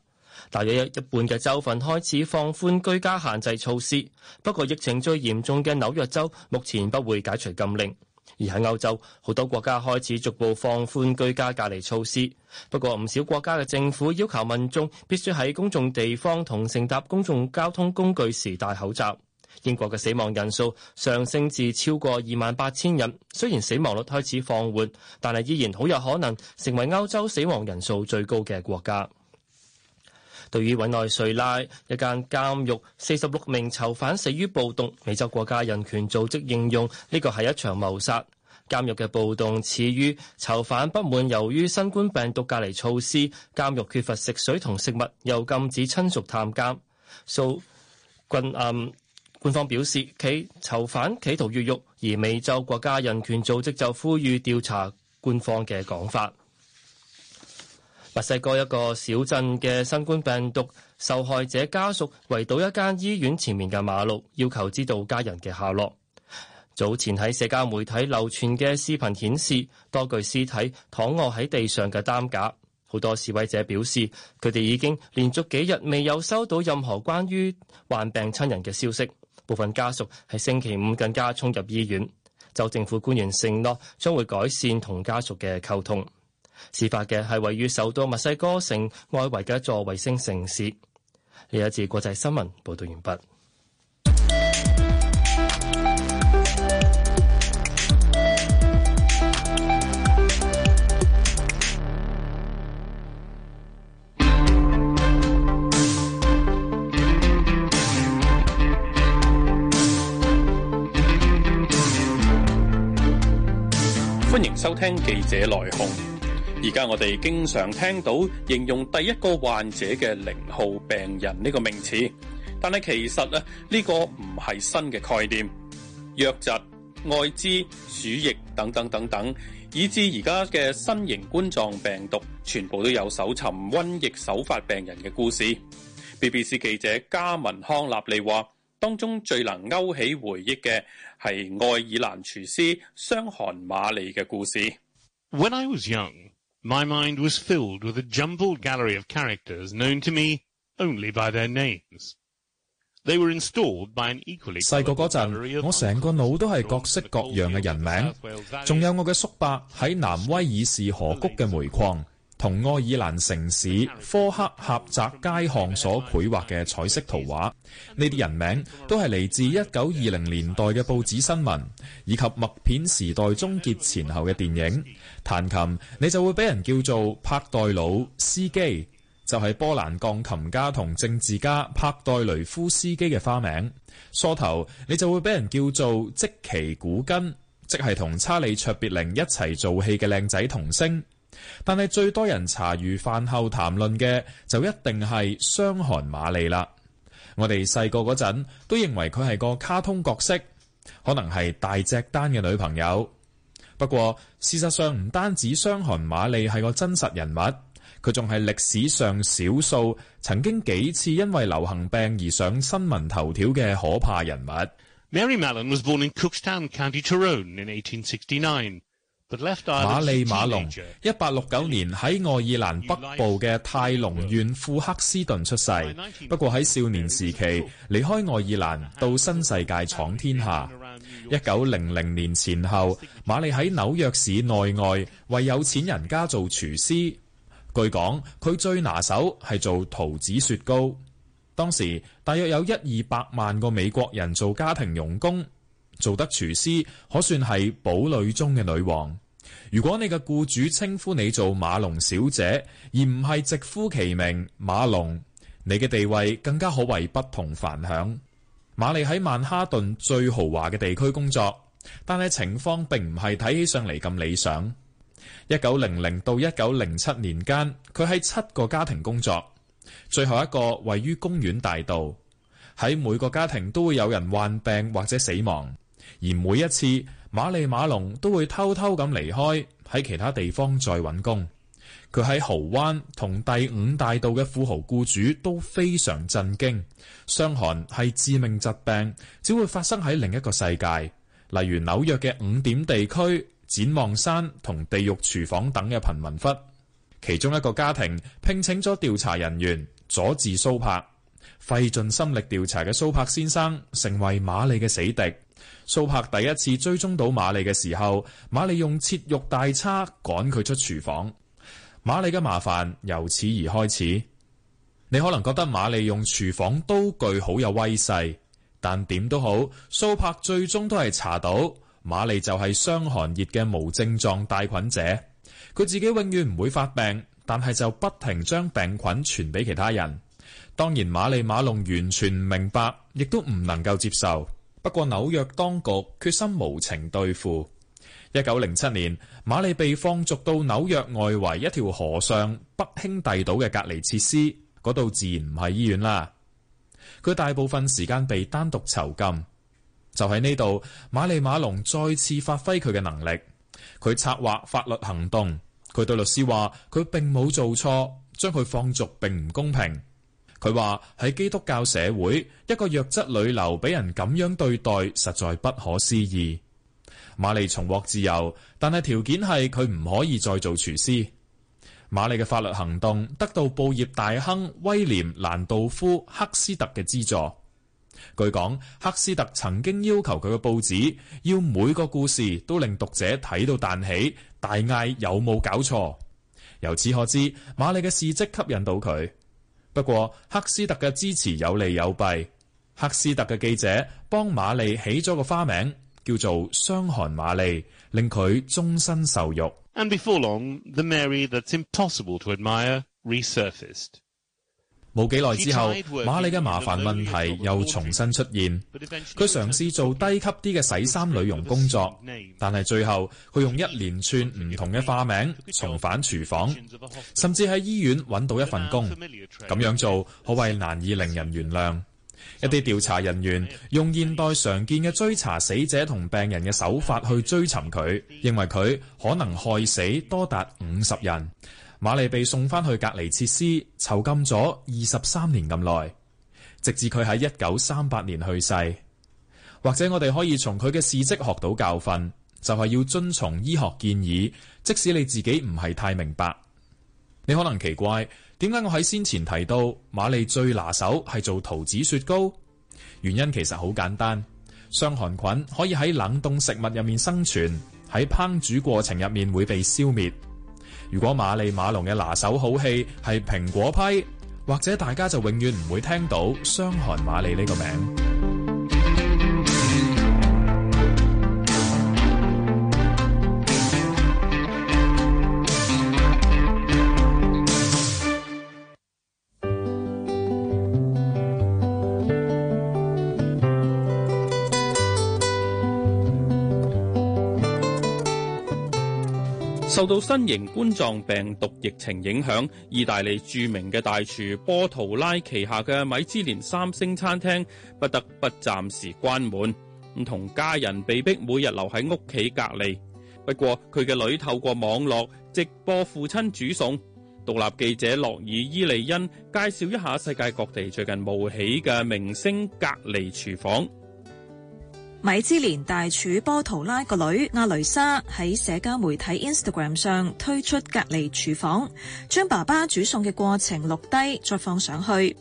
大約一一半嘅州份開始放寬居家限制措施，不過疫情最嚴重嘅紐約州目前不會解除禁令。而喺歐洲，好多國家開始逐步放寬居家隔離措施，不過唔少國家嘅政府要求民眾必須喺公眾地方同乘搭公眾交通工具時戴口罩。英國嘅死亡人數上升至超過二萬八千人，雖然死亡率開始放緩，但係依然好有可能成為歐洲死亡人數最高嘅國家。對於委內瑞拉，一間監獄四十六名囚犯死於暴動，美洲國家人權組織認定，呢個係一場謀殺。監獄嘅暴動始於囚犯不滿，由於新冠病毒隔離措施，監獄缺乏食水同食物，又禁止親屬探監，數均暗。Um, 官方表示，企囚犯企圖越獄，而美洲國家人權組織就呼籲調查官方嘅講法。墨西哥一個小鎮嘅新冠病毒受害者家屬圍堵一間醫院前面嘅馬路，要求知道家人嘅下落。早前喺社交媒體流傳嘅視頻顯示，多具屍體躺臥喺地上嘅擔架。好多示威者表示，佢哋已經連續幾日未有收到任何關於患病親人嘅消息。部分家屬喺星期五更加衝入醫院，就政府官員承諾將會改善同家屬嘅溝通。事發嘅係位於首都墨西哥城外圍嘅一座衛星城市。呢一節國際新聞報道完畢。歡迎收聽記者來鴻。而家我哋經常聽到形容第一個患者嘅零號病人呢個名詞，但係其實咧、啊、呢、呢個唔係新嘅概念。瘧疾、艾滋、鼠疫等等等等，以至而家嘅新型冠狀病毒，全部都有搜尋瘟疫首發病人嘅故事。BBC 記者加文康納利話。當中最能勾起回憶嘅係愛爾蘭廚師傷寒瑪麗嘅故事。細個嗰陣，我成個腦都係各式各樣嘅人名，仲有我嘅叔伯喺南威爾士河谷嘅煤礦。同愛爾蘭城市科克狹窄街巷所繪畫嘅彩色圖畫，呢啲人名都係嚟自一九二零年代嘅報紙新聞，以及默片時代終結前後嘅電影。彈琴，你就會俾人叫做帕代魯斯基，就係波蘭鋼琴家同政治家帕代雷夫斯基嘅花名。梳頭，你就會俾人叫做積奇古根，即係同查理卓別靈一齊做戲嘅靚仔童星。但係最多人茶餘飯後談論嘅就一定係傷寒瑪麗啦！我哋細個嗰陣都認為佢係個卡通角色，可能係大隻丹嘅女朋友。不過事實上唔單止傷寒瑪麗係個真實人物，佢仲係歷史上少數曾經幾次因為流行病而上新聞頭條嘅可怕人物。Mary Mallon was born in Cookstown County Tyrone, in 1869. 馬利馬龍一八六九年喺愛爾蘭北部嘅泰隆縣富克斯頓出世，不過喺少年時期離開愛爾蘭到新世界闖天下。一九零零年前後，馬利喺紐約市內外為有錢人家做廚師。據講佢最拿手係做桃子雪糕。當時大約有一二百萬個美國人做家庭傭工，做得廚師可算係堡女中嘅女王。如果你嘅僱主稱呼你做馬龍小姐，而唔係直呼其名馬龍，你嘅地位更加可謂不同凡響。瑪麗喺曼哈頓最豪華嘅地區工作，但係情況並唔係睇起上嚟咁理想。一九零零到一九零七年間，佢喺七個家庭工作，最後一個位於公園大道。喺每個家庭都會有人患病或者死亡，而每一次。馬利馬龍都會偷偷咁離開，喺其他地方再揾工。佢喺豪灣同第五大道嘅富豪僱主都非常震驚。傷寒係致命疾病，只會發生喺另一個世界，例如紐約嘅五點地區、展望山同地獄廚房等嘅貧民窟。其中一個家庭聘請咗調查人員佐治蘇柏，費盡心力調查嘅蘇柏先生成為馬利嘅死敵。蘇柏第一次追蹤到瑪麗嘅時候，瑪麗用切肉大叉趕佢出廚房。瑪麗嘅麻煩由此而開始。你可能覺得瑪麗用廚房刀具好有威勢，但點都好，蘇柏最終都係查到瑪麗就係傷寒熱嘅無症狀帶菌者。佢自己永遠唔會發病，但係就不停將病菌傳俾其他人。當然，瑪麗馬龍完全唔明白，亦都唔能夠接受。不過紐約當局決心無情對付。一九零七年，瑪麗被放逐到紐約外圍一條河上北兄弟島嘅隔離設施，嗰度自然唔係醫院啦。佢大部分時間被單獨囚禁，就喺呢度，瑪麗馬龍再次發揮佢嘅能力。佢策劃法律行動，佢對律師話佢並冇做錯，將佢放逐並唔公平。佢話喺基督教社會，一個弱質女流俾人咁樣對待，實在不可思議。瑪麗重獲自由，但係條件係佢唔可以再做廚師。瑪麗嘅法律行動得到報業大亨威廉蘭道夫赫斯特嘅資助。據講，赫斯特曾經要求佢嘅報紙要每個故事都令讀者睇到彈起，大嗌，有冇搞錯。由此可知，瑪麗嘅事跡吸引到佢。不過，赫斯特嘅支持有利有弊。赫斯特嘅記者幫瑪麗起咗個花名，叫做傷寒瑪麗，令佢終身受辱。And 冇幾耐之後，馬里嘅麻煩問題又重新出現。佢嘗試做低級啲嘅洗衫女傭工作，但係最後佢用一連串唔同嘅化名重返廚房，甚至喺醫院揾到一份工。咁樣做可謂難以令人原諒。一啲調查人員用現代常見嘅追查死者同病人嘅手法去追尋佢，認為佢可能害死多達五十人。瑪麗被送翻去隔離設施囚禁咗二十三年咁耐，直至佢喺一九三八年去世。或者我哋可以從佢嘅事跡學到教訓，就係要遵從醫學建議，即使你自己唔係太明白。你可能奇怪，點解我喺先前提到瑪麗最拿手係做桃子雪糕？原因其實好簡單，傷寒菌可以喺冷凍食物入面生存，喺烹煮過程入面會被消滅。如果馬里馬龍嘅拿手好戲係蘋果批，或者大家就永遠唔會聽到傷寒馬里呢個名。受到新型冠狀病毒疫情影響，意大利著名嘅大廚波圖拉旗下嘅米芝蓮三星餐廳不得不暫時關門，唔同家人被逼每日留喺屋企隔離。不過佢嘅女透過網絡直播父親煮餸。獨立記者洛爾伊利恩介紹一下世界各地最近冒起嘅明星隔離廚房。米芝蓮大廚波圖拉個女阿雷莎喺社交媒體 Instagram 上推出隔離廚房，將爸爸煮餸嘅過程錄低再放上去。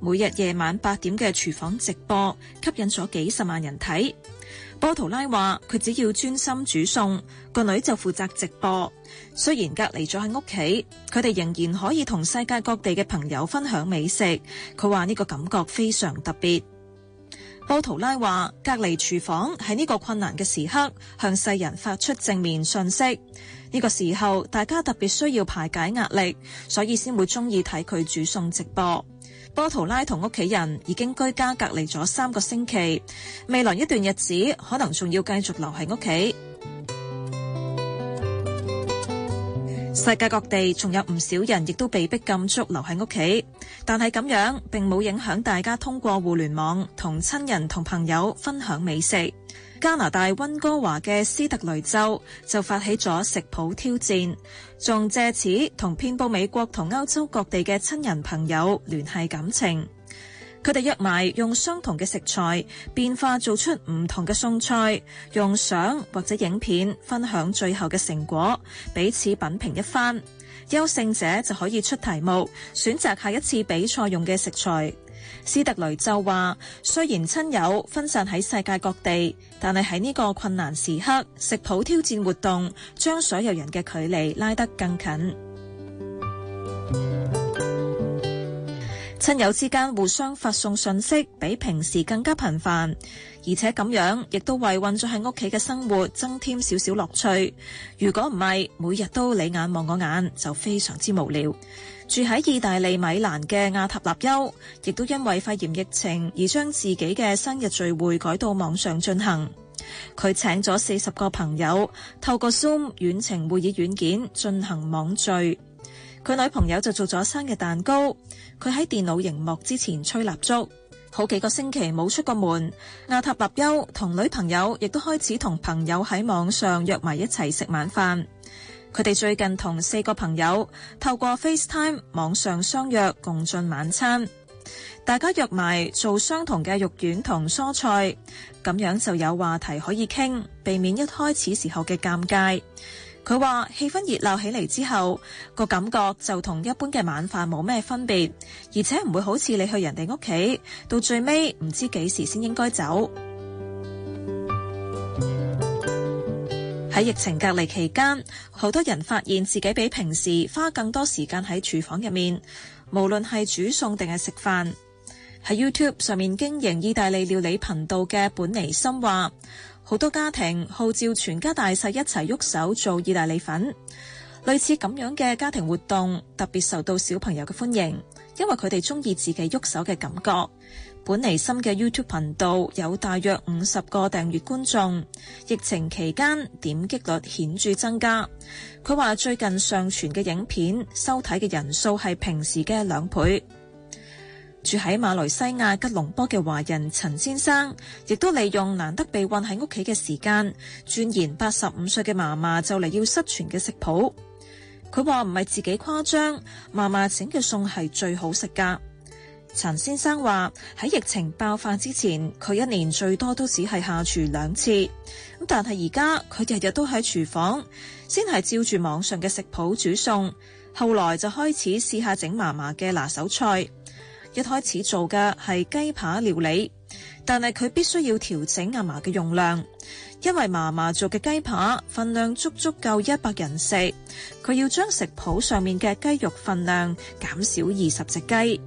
每日夜晚八點嘅廚房直播吸引咗幾十萬人睇。波圖拉話：佢只要專心煮餸，個女就負責直播。雖然隔離咗喺屋企，佢哋仍然可以同世界各地嘅朋友分享美食。佢話呢個感覺非常特別。波圖拉話：隔離廚房喺呢個困難嘅時刻，向世人發出正面訊息。呢個時候，大家特別需要排解壓力，所以先會中意睇佢煮餸直播。波圖拉同屋企人已經居家隔離咗三個星期，未來一段日子可能仲要繼續留喺屋企。世界各地仲有唔少人亦都被迫禁足留喺屋企，但係咁樣並冇影響大家通過互聯網同親人同朋友分享美食。加拿大温哥華嘅斯特雷州就發起咗食譜挑戰，仲借此同遍佈美國同歐洲各地嘅親人朋友聯繫感情。佢哋約埋用相同嘅食材變化做出唔同嘅餸菜，用相或者影片分享最後嘅成果，彼此品評一番。優勝者就可以出題目，選擇下一次比賽用嘅食材。斯特雷就話：雖然親友分散喺世界各地，但係喺呢個困難時刻，食譜挑戰活動將所有人嘅距離拉得更近。親友之間互相發送信息，比平時更加頻繁，而且咁樣亦都為困咗喺屋企嘅生活增添少少樂趣。如果唔係，每日都你眼望我眼，就非常之無聊。住喺意大利米蘭嘅亞塔納休，亦都因為肺炎疫情而將自己嘅生日聚會改到網上進行。佢請咗四十個朋友透過 Zoom 遠程會議軟件進行網聚。佢女朋友就做咗生日蛋糕。佢喺電腦熒幕之前吹蠟燭，好幾個星期冇出過門。阿塔納休同女朋友亦都開始同朋友喺網上約埋一齊食晚飯。佢哋最近同四個朋友透過 FaceTime 網上相約共進晚餐，大家約埋做相同嘅肉丸同蔬菜，咁樣就有話題可以傾，避免一開始時候嘅尷尬。佢話：氣氛熱鬧起嚟之後，個感覺就同一般嘅晚飯冇咩分別，而且唔會好似你去人哋屋企，到最尾唔知幾時先應該走。喺 疫情隔離期間，好多人發現自己比平時花更多時間喺廚房入面，無論係煮餸定係食飯。喺 YouTube 上面經營意大利料理頻道嘅本尼森話。好多家庭號召全家大細一齊喐手做意大利粉，類似咁樣嘅家庭活動特別受到小朋友嘅歡迎，因為佢哋中意自己喐手嘅感覺。本尼森嘅 YouTube 頻道有大約五十個訂閱觀眾，疫情期間點擊率顯著增加。佢話最近上傳嘅影片收睇嘅人數係平時嘅兩倍。住喺馬來西亞吉隆坡嘅華人陳先生，亦都利用難得被困喺屋企嘅時間，鑽研八十五歲嘅嫲嫲就嚟要失傳嘅食譜。佢話唔係自己誇張，嫲嫲整嘅餸係最好食㗎。陳先生話喺疫情爆發之前，佢一年最多都只係下廚兩次，但係而家佢日日都喺廚房，先係照住網上嘅食譜煮餸，後來就開始試下整嫲嫲嘅拿手菜。一開始做嘅係雞扒料理，但係佢必須要調整阿嫲嘅用量，因為嫲嫲做嘅雞扒份量足足夠一百人食，佢要將食譜上面嘅雞肉份量減少二十隻雞。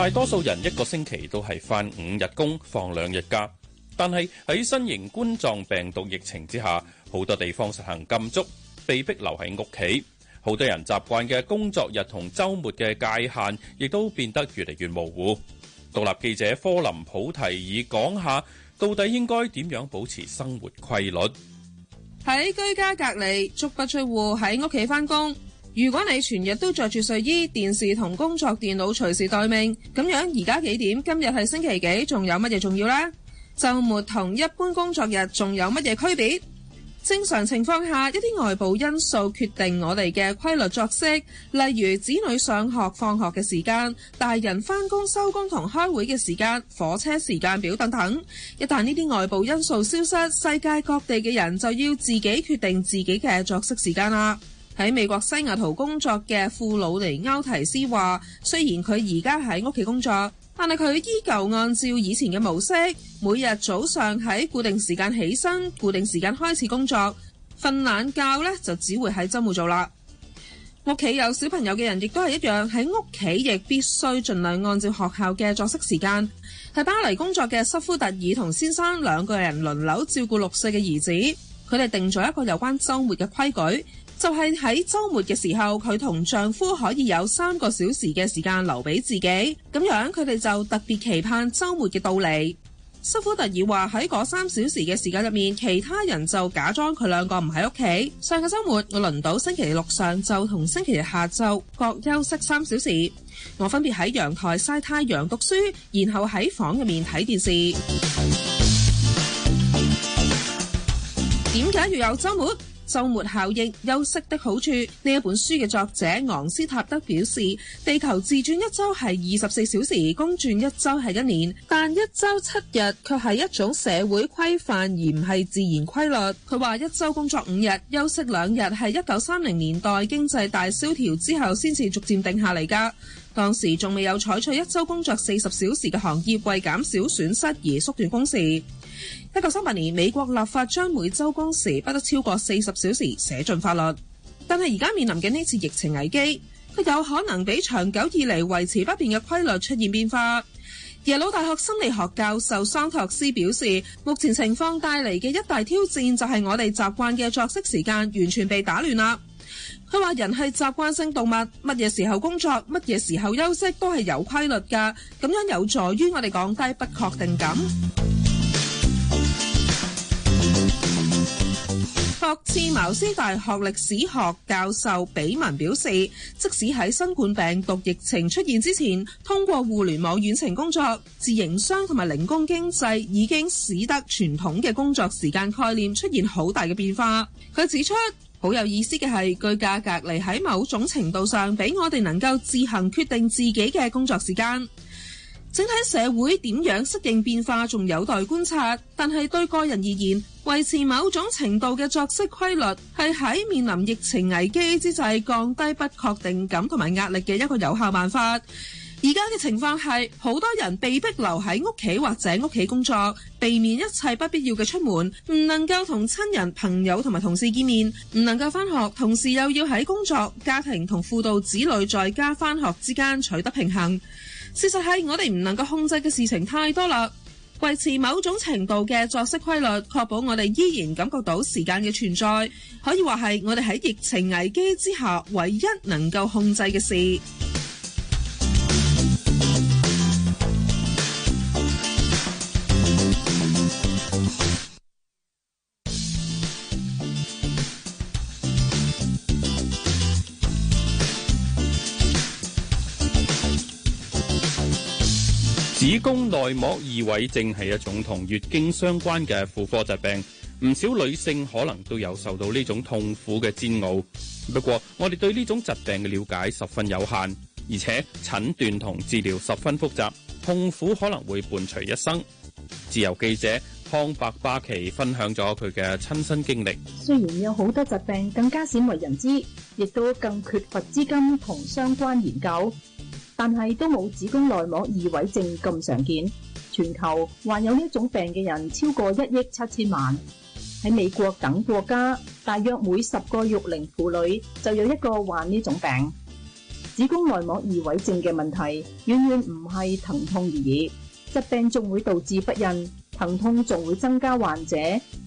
大多數人一個星期都係翻五日工、放兩日假，但係喺新型冠狀病毒疫情之下，好多地方實行禁足，被迫留喺屋企。好多人習慣嘅工作日同週末嘅界限，亦都變得越嚟越模糊。獨立記者科林普提爾講下，到底應該點樣保持生活規律？喺居家隔離，足不出戶喺屋企翻工？如果你全日都着住睡衣，電視同工作電腦隨時待命，咁樣而家幾點？今日係星期幾？仲有乜嘢重要咧？周末同一般工作日仲有乜嘢區別？正常情況下，一啲外部因素決定我哋嘅規律作息，例如子女上學放學嘅時間、大人返工收工同開會嘅時間、火車時間表等等。一旦呢啲外部因素消失，世界各地嘅人就要自己決定自己嘅作息時間啦。喺美國西雅圖工作嘅富魯尼歐提斯話，雖然佢而家喺屋企工作，但係佢依舊按照以前嘅模式，每日早上喺固定時間起身，固定時間開始工作。瞓懶覺咧就只會喺周末做啦。屋企有小朋友嘅人亦都係一樣，喺屋企亦必須盡量按照學校嘅作息時間。喺巴黎工作嘅斯夫特爾同先生兩個人輪流照顧六歲嘅兒子，佢哋定咗一個有關周末嘅規矩。就係喺周末嘅時候，佢同丈夫可以有三個小時嘅時間留俾自己，咁樣佢哋就特別期盼周末嘅到嚟。斯科特爾話喺嗰三小時嘅時間入面，其他人就假裝佢兩個唔喺屋企。上個周末我輪到星期六上晝同星期日下晝各休息三小時，我分別喺陽台曬太陽讀書，然後喺房入面睇電視。點解要有周末？周末效應、休息的好處，呢一本書嘅作者昂斯塔德表示：地球自轉一周係二十四小時，公轉一周係一年，但一周七日卻係一種社會規範而唔係自然規律。佢話：一周工作五日、休息兩日係一九三零年代經濟大蕭條之後先至逐漸定下嚟㗎，當時仲未有採取一周工作四十小時嘅行業為減少損失而縮短工時。一九三八年，美國立法將每周工時不得超過四十小時寫進法律。但係而家面臨嘅呢次疫情危機，佢有可能比長久以嚟維持不變嘅規律出現變化。耶魯大學心理學教授桑托斯表示，目前情況帶嚟嘅一大挑戰就係我哋習慣嘅作息時間完全被打亂啦。佢話，人係習慣性動物，乜嘢時候工作，乜嘢時候休息都係有規律噶，咁樣有助於我哋降低不確定感。霍次茅斯大學歷史學教授比文表示，即使喺新冠病毒疫情出現之前，通過互聯網遠程工作、自營商同埋零工經濟，已經使得傳統嘅工作時間概念出現好大嘅變化。佢指出，好有意思嘅係，居家隔離喺某種程度上，俾我哋能夠自行決定自己嘅工作時間。整體社會點樣適應變化，仲有待觀察。但係對個人而言，維持某種程度嘅作息規律，係喺面臨疫情危機之際降低不確定感同埋壓力嘅一個有效辦法。而家嘅情況係好多人被迫留喺屋企或者屋企工作，避免一切不必要嘅出門，唔能夠同親人、朋友同埋同事見面，唔能夠返學，同時又要喺工作、家庭同輔導子女在家返學之間取得平衡。事實係我哋唔能夠控制嘅事情太多啦，維持某種程度嘅作息規律，確保我哋依然感覺到時間嘅存在，可以話係我哋喺疫情危機之下唯一能夠控制嘅事。子宮內膜異位症係一種同月經相關嘅婦科疾病，唔少女性可能都有受到呢種痛苦嘅煎熬。不過，我哋對呢種疾病嘅了解十分有限，而且診斷同治療十分複雜，痛苦可能會伴隨一生。自由記者康伯巴奇分享咗佢嘅親身經歷。雖然有好多疾病更加鮮為人知，亦都更缺乏資金同相關研究。但係都冇子宮內膜異位症咁常見，全球患有呢種病嘅人超過一億七千萬。喺美國等國家，大約每十個育齡婦女就有一個患呢種病。子宮內膜異位症嘅問題遠遠唔係疼痛而已，疾病仲會導致不孕，疼痛仲會增加患者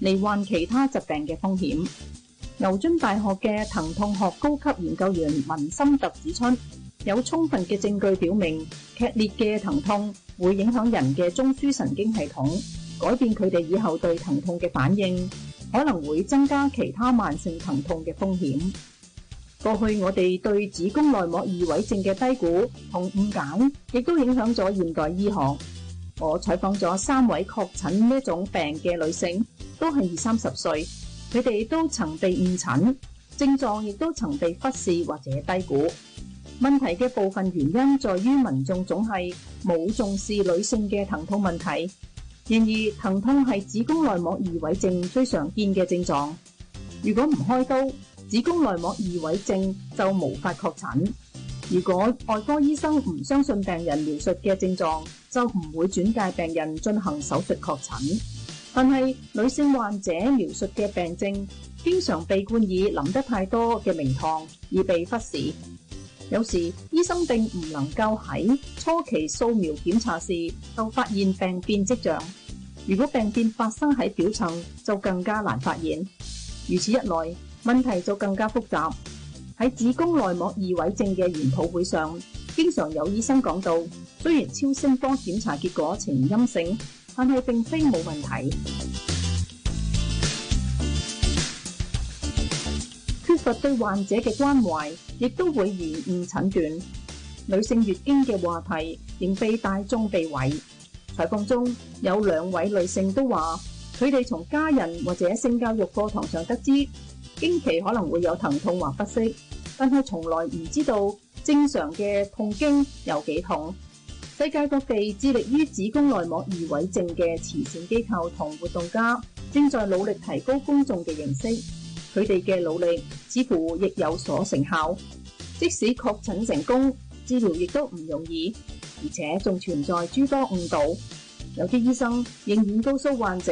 罹患其他疾病嘅風險。牛津大學嘅疼痛學高級研究員文森特指出。有充分嘅證據表明，劇烈嘅疼痛會影響人嘅中樞神經系統，改變佢哋以後對疼痛嘅反應，可能會增加其他慢性疼痛嘅風險。過去我哋對子宮內膜異位症嘅低估同誤解亦都影響咗現代醫學。我採訪咗三位確診呢種病嘅女性，都係二三十歲，佢哋都曾被誤診，症狀亦都曾被忽視或者低估。問題嘅部分原因在於民眾總係冇重視女性嘅疼痛問題。然而，疼痛係子宮內膜異位症最常見嘅症狀。如果唔開刀，子宮內膜異位症就無法確診。如果外科醫生唔相信病人描述嘅症狀，就唔會轉介病人進行手術確診。但係女性患者描述嘅病症，經常被冠以諗得太多嘅名堂而被忽視。有時醫生並唔能夠喺初期掃描檢查時就發現病變跡象。如果病變發生喺表層，就更加難發現。如此一來，問題就更加複雜。喺子宮內膜異位症嘅研討會上，經常有醫生講到：雖然超聲波檢查結果呈陰性，但係並非冇問題。缺乏對患者嘅關懷，亦都會延誤診斷。女性月經嘅話題仍被大眾避諱。採訪中有兩位女性都話，佢哋從家人或者性教育課堂上得知，經期可能會有疼痛或不適，但係從來唔知道正常嘅痛經有幾痛。世界各地致力於子宮內膜異位症嘅慈善機構同活動家，正在努力提高公眾嘅認識。佢哋嘅努力似乎亦有所成效，即使確診成功，治療亦都唔容易，而且仲存在諸多誤導。有啲醫生仍然告訴患者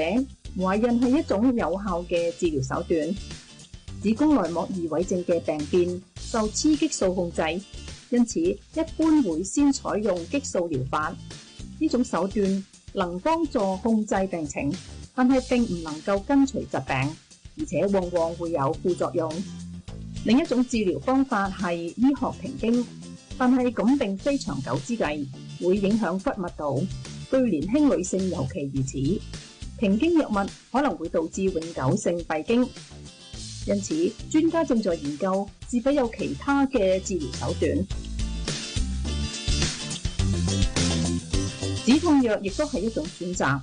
懷孕係一種有效嘅治療手段。子宮內膜異位症嘅病變受雌激素控制，因此一般會先採用激素療法，呢種手段能幫助控制病情，但係並唔能夠根除疾病。而且往往會有副作用。另一種治療方法係醫學停經，但係咁並非長久之計，會影響骨密度，對年輕女性尤其如此。停經藥物可能會導致永久性閉經，因此專家正在研究是否有其他嘅治療手段。止痛藥亦都係一種選擇，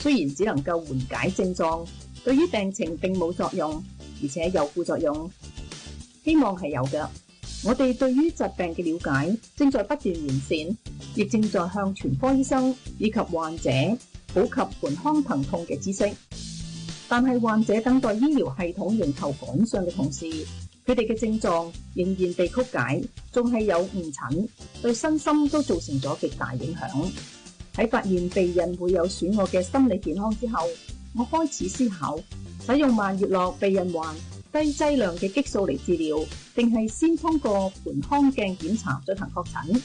雖然只能夠緩解症狀，對於病情並冇作用，而且有副作用。希望係有嘅。我哋對於疾病嘅了解正在不斷完善，亦正在向全科醫生以及患者普及盆腔疼痛嘅知識。但係患者等待醫療系統迎頭趕上嘅同時，佢哋嘅症狀仍然被曲解，仲係有誤診，對身心都造成咗極大影響。喺發現避孕會有損害嘅心理健康之後。我開始思考使用曼月樂避孕環、低劑量嘅激素嚟治療，定係先通過盆腔鏡檢查進行確診？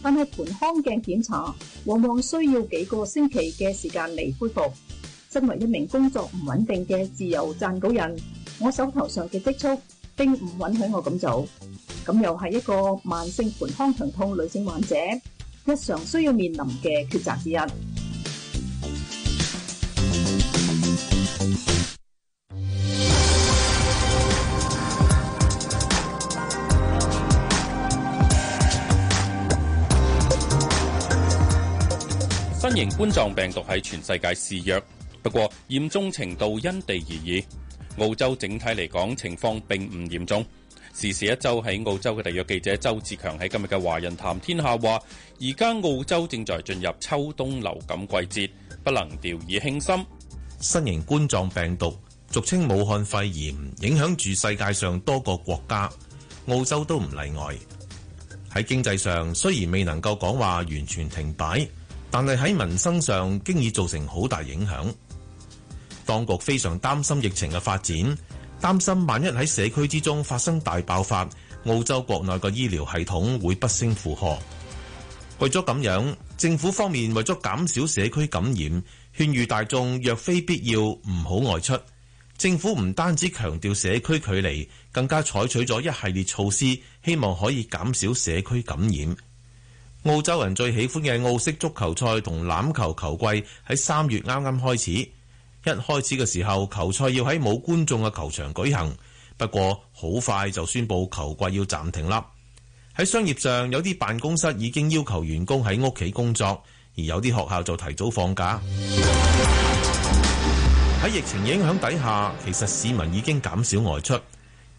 但係盆腔鏡檢查往往需要幾個星期嘅時間嚟恢復。身為一名工作唔穩定嘅自由撰稿人，我手頭上嘅積蓄並唔允許我咁做。咁又係一個慢性盆腔疼痛女性患者日常需要面臨嘅抉擇之一。新型冠狀病毒喺全世界肆虐，不過嚴重程度因地而異。澳洲整體嚟講情況並唔嚴重。時事一周喺澳洲嘅特約記者周志強喺今日嘅《華人談天下》話：而家澳洲正在進入秋冬流感季節，不能掉以輕心。新型冠狀病毒，俗稱武漢肺炎，影響住世界上多個國家，澳洲都唔例外。喺經濟上雖然未能夠講話完全停擺。但係喺民生上，經已造成好大影響，當局非常擔心疫情嘅發展，擔心萬一喺社區之中發生大爆發，澳洲國內嘅醫療系統會不勝負荷。為咗咁樣，政府方面為咗減少社區感染，勸喻大眾若非必要唔好外出。政府唔單止強調社區距離，更加採取咗一系列措施，希望可以減少社區感染。澳洲人最喜歡嘅澳式足球賽同欖球球季喺三月啱啱開始，一開始嘅時候，球賽要喺冇觀眾嘅球場舉行，不過好快就宣布球季要暫停啦。喺商業上，有啲辦公室已經要求員工喺屋企工作，而有啲學校就提早放假。喺疫情影響底下，其實市民已經減少外出，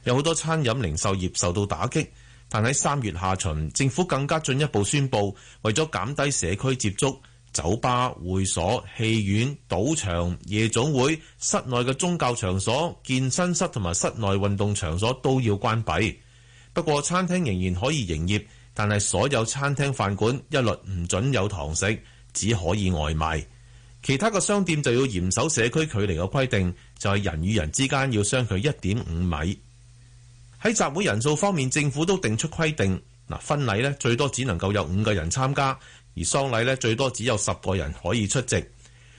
有好多餐飲零售業受到打擊。但喺三月下旬，政府更加進一步宣布，為咗減低社區接觸，酒吧、會所、戲院、賭場、夜總會、室內嘅宗教場所、健身室同埋室內運動場所都要關閉。不過餐廳仍然可以營業，但係所有餐廳飯館一律唔準有堂食，只可以外賣。其他嘅商店就要嚴守社區距離嘅規定，就係人與人之間要相距一點五米。喺集會人數方面，政府都定出規定。嗱，婚禮咧最多只能夠有五個人參加，而喪禮咧最多只有十個人可以出席。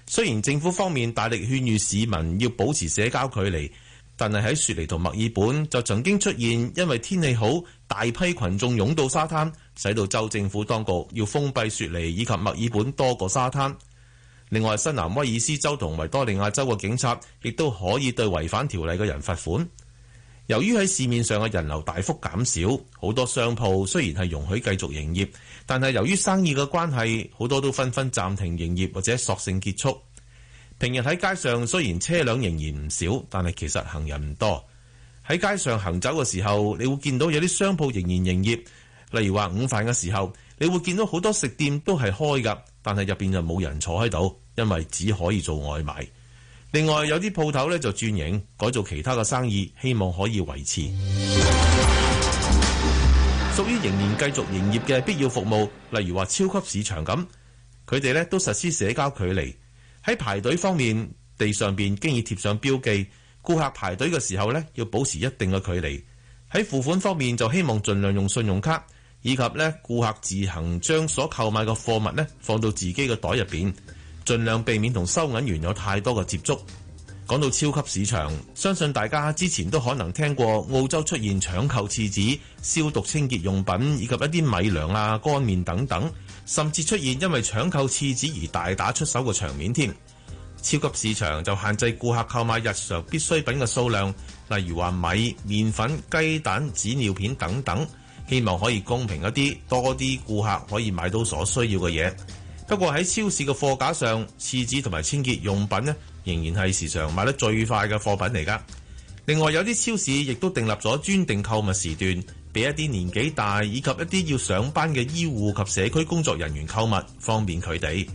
雖然政府方面大力勸喻市民要保持社交距離，但係喺雪梨同墨爾本就曾經出現因為天氣好，大批群眾湧到沙灘，使到州政府當局要封閉雪梨以及墨爾本多個沙灘。另外，新南威爾斯州同維多利亞州嘅警察亦都可以對違反條例嘅人罰款。由於喺市面上嘅人流大幅減少，好多商鋪雖然係容許繼續營業，但係由於生意嘅關係，好多都紛紛暫停營業或者索性結束。平日喺街上雖然車輛仍然唔少，但係其實行人唔多。喺街上行走嘅時候，你會見到有啲商鋪仍然營業，例如話午飯嘅時候，你會見到好多食店都係開㗎，但係入邊就冇人坐喺度，因為只可以做外賣。另外有啲鋪頭咧就轉型，改做其他嘅生意，希望可以維持。屬於 仍然繼續營業嘅必要服務，例如話超級市場咁，佢哋咧都實施社交距離。喺排隊方面，地上邊經已貼上標記，顧客排隊嘅時候咧要保持一定嘅距離。喺付款方面，就希望盡量用信用卡，以及咧顧客自行將所購買嘅貨物咧放到自己嘅袋入邊。盡量避免同收銀員有太多嘅接觸。講到超級市場，相信大家之前都可能聽過澳洲出現搶購廁紙、消毒清潔用品以及一啲米糧啊、乾麵等等，甚至出現因為搶購廁紙而大打出手嘅場面添。超級市場就限制顧客購買日常必需品嘅數量，例如話米、麵粉、雞蛋、紙尿片等等，希望可以公平一啲，多啲顧客可以買到所需要嘅嘢。不過喺超市嘅貨架上，廁紙同埋清潔用品咧，仍然係時常賣得最快嘅貨品嚟噶。另外，有啲超市亦都訂立咗專定購物時段，俾一啲年紀大以及一啲要上班嘅醫護及社區工作人員購物，方便佢哋。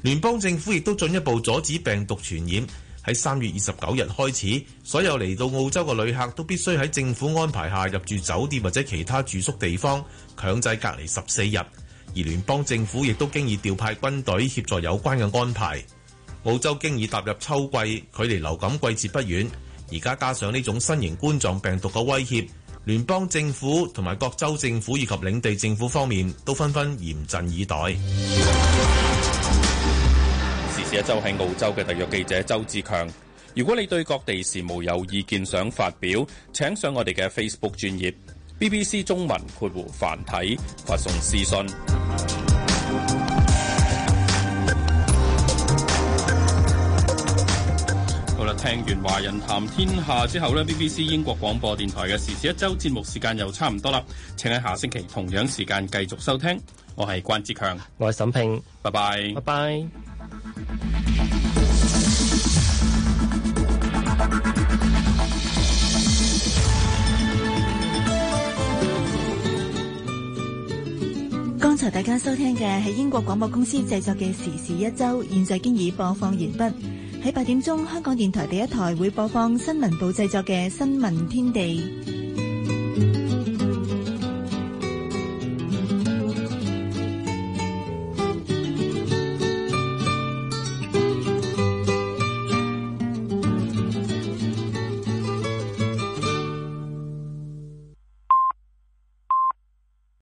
聯邦政府亦都進一步阻止病毒傳染，喺三月二十九日開始，所有嚟到澳洲嘅旅客都必須喺政府安排下入住酒店或者其他住宿地方，強制隔離十四日。而聯邦政府亦都經已調派軍隊協助有關嘅安排。澳洲經已踏入秋季，距離流感季節不遠。而家加上呢種新型冠狀病毒嘅威脅，聯邦政府同埋各州政府以及領地政府方面都紛紛嚴陣以待。時事一周，係澳洲嘅特約記者周志強。如果你對各地事務有意見想發表，請上我哋嘅 Facebook 專頁。BBC 中文括弧繁體發送私信。好啦，聽完華人談天下之後呢，BBC 英國廣播電台嘅時事一周節目時間又差唔多啦。請喺下星期同樣時間繼續收聽。我係關志強，我係沈平，拜拜，拜拜。剛才大家收聽嘅係英國廣播公司製作嘅《時事一周》，現在經已播放完畢。喺八點鐘，香港電台第一台會播放新聞部製作嘅《新聞天地》。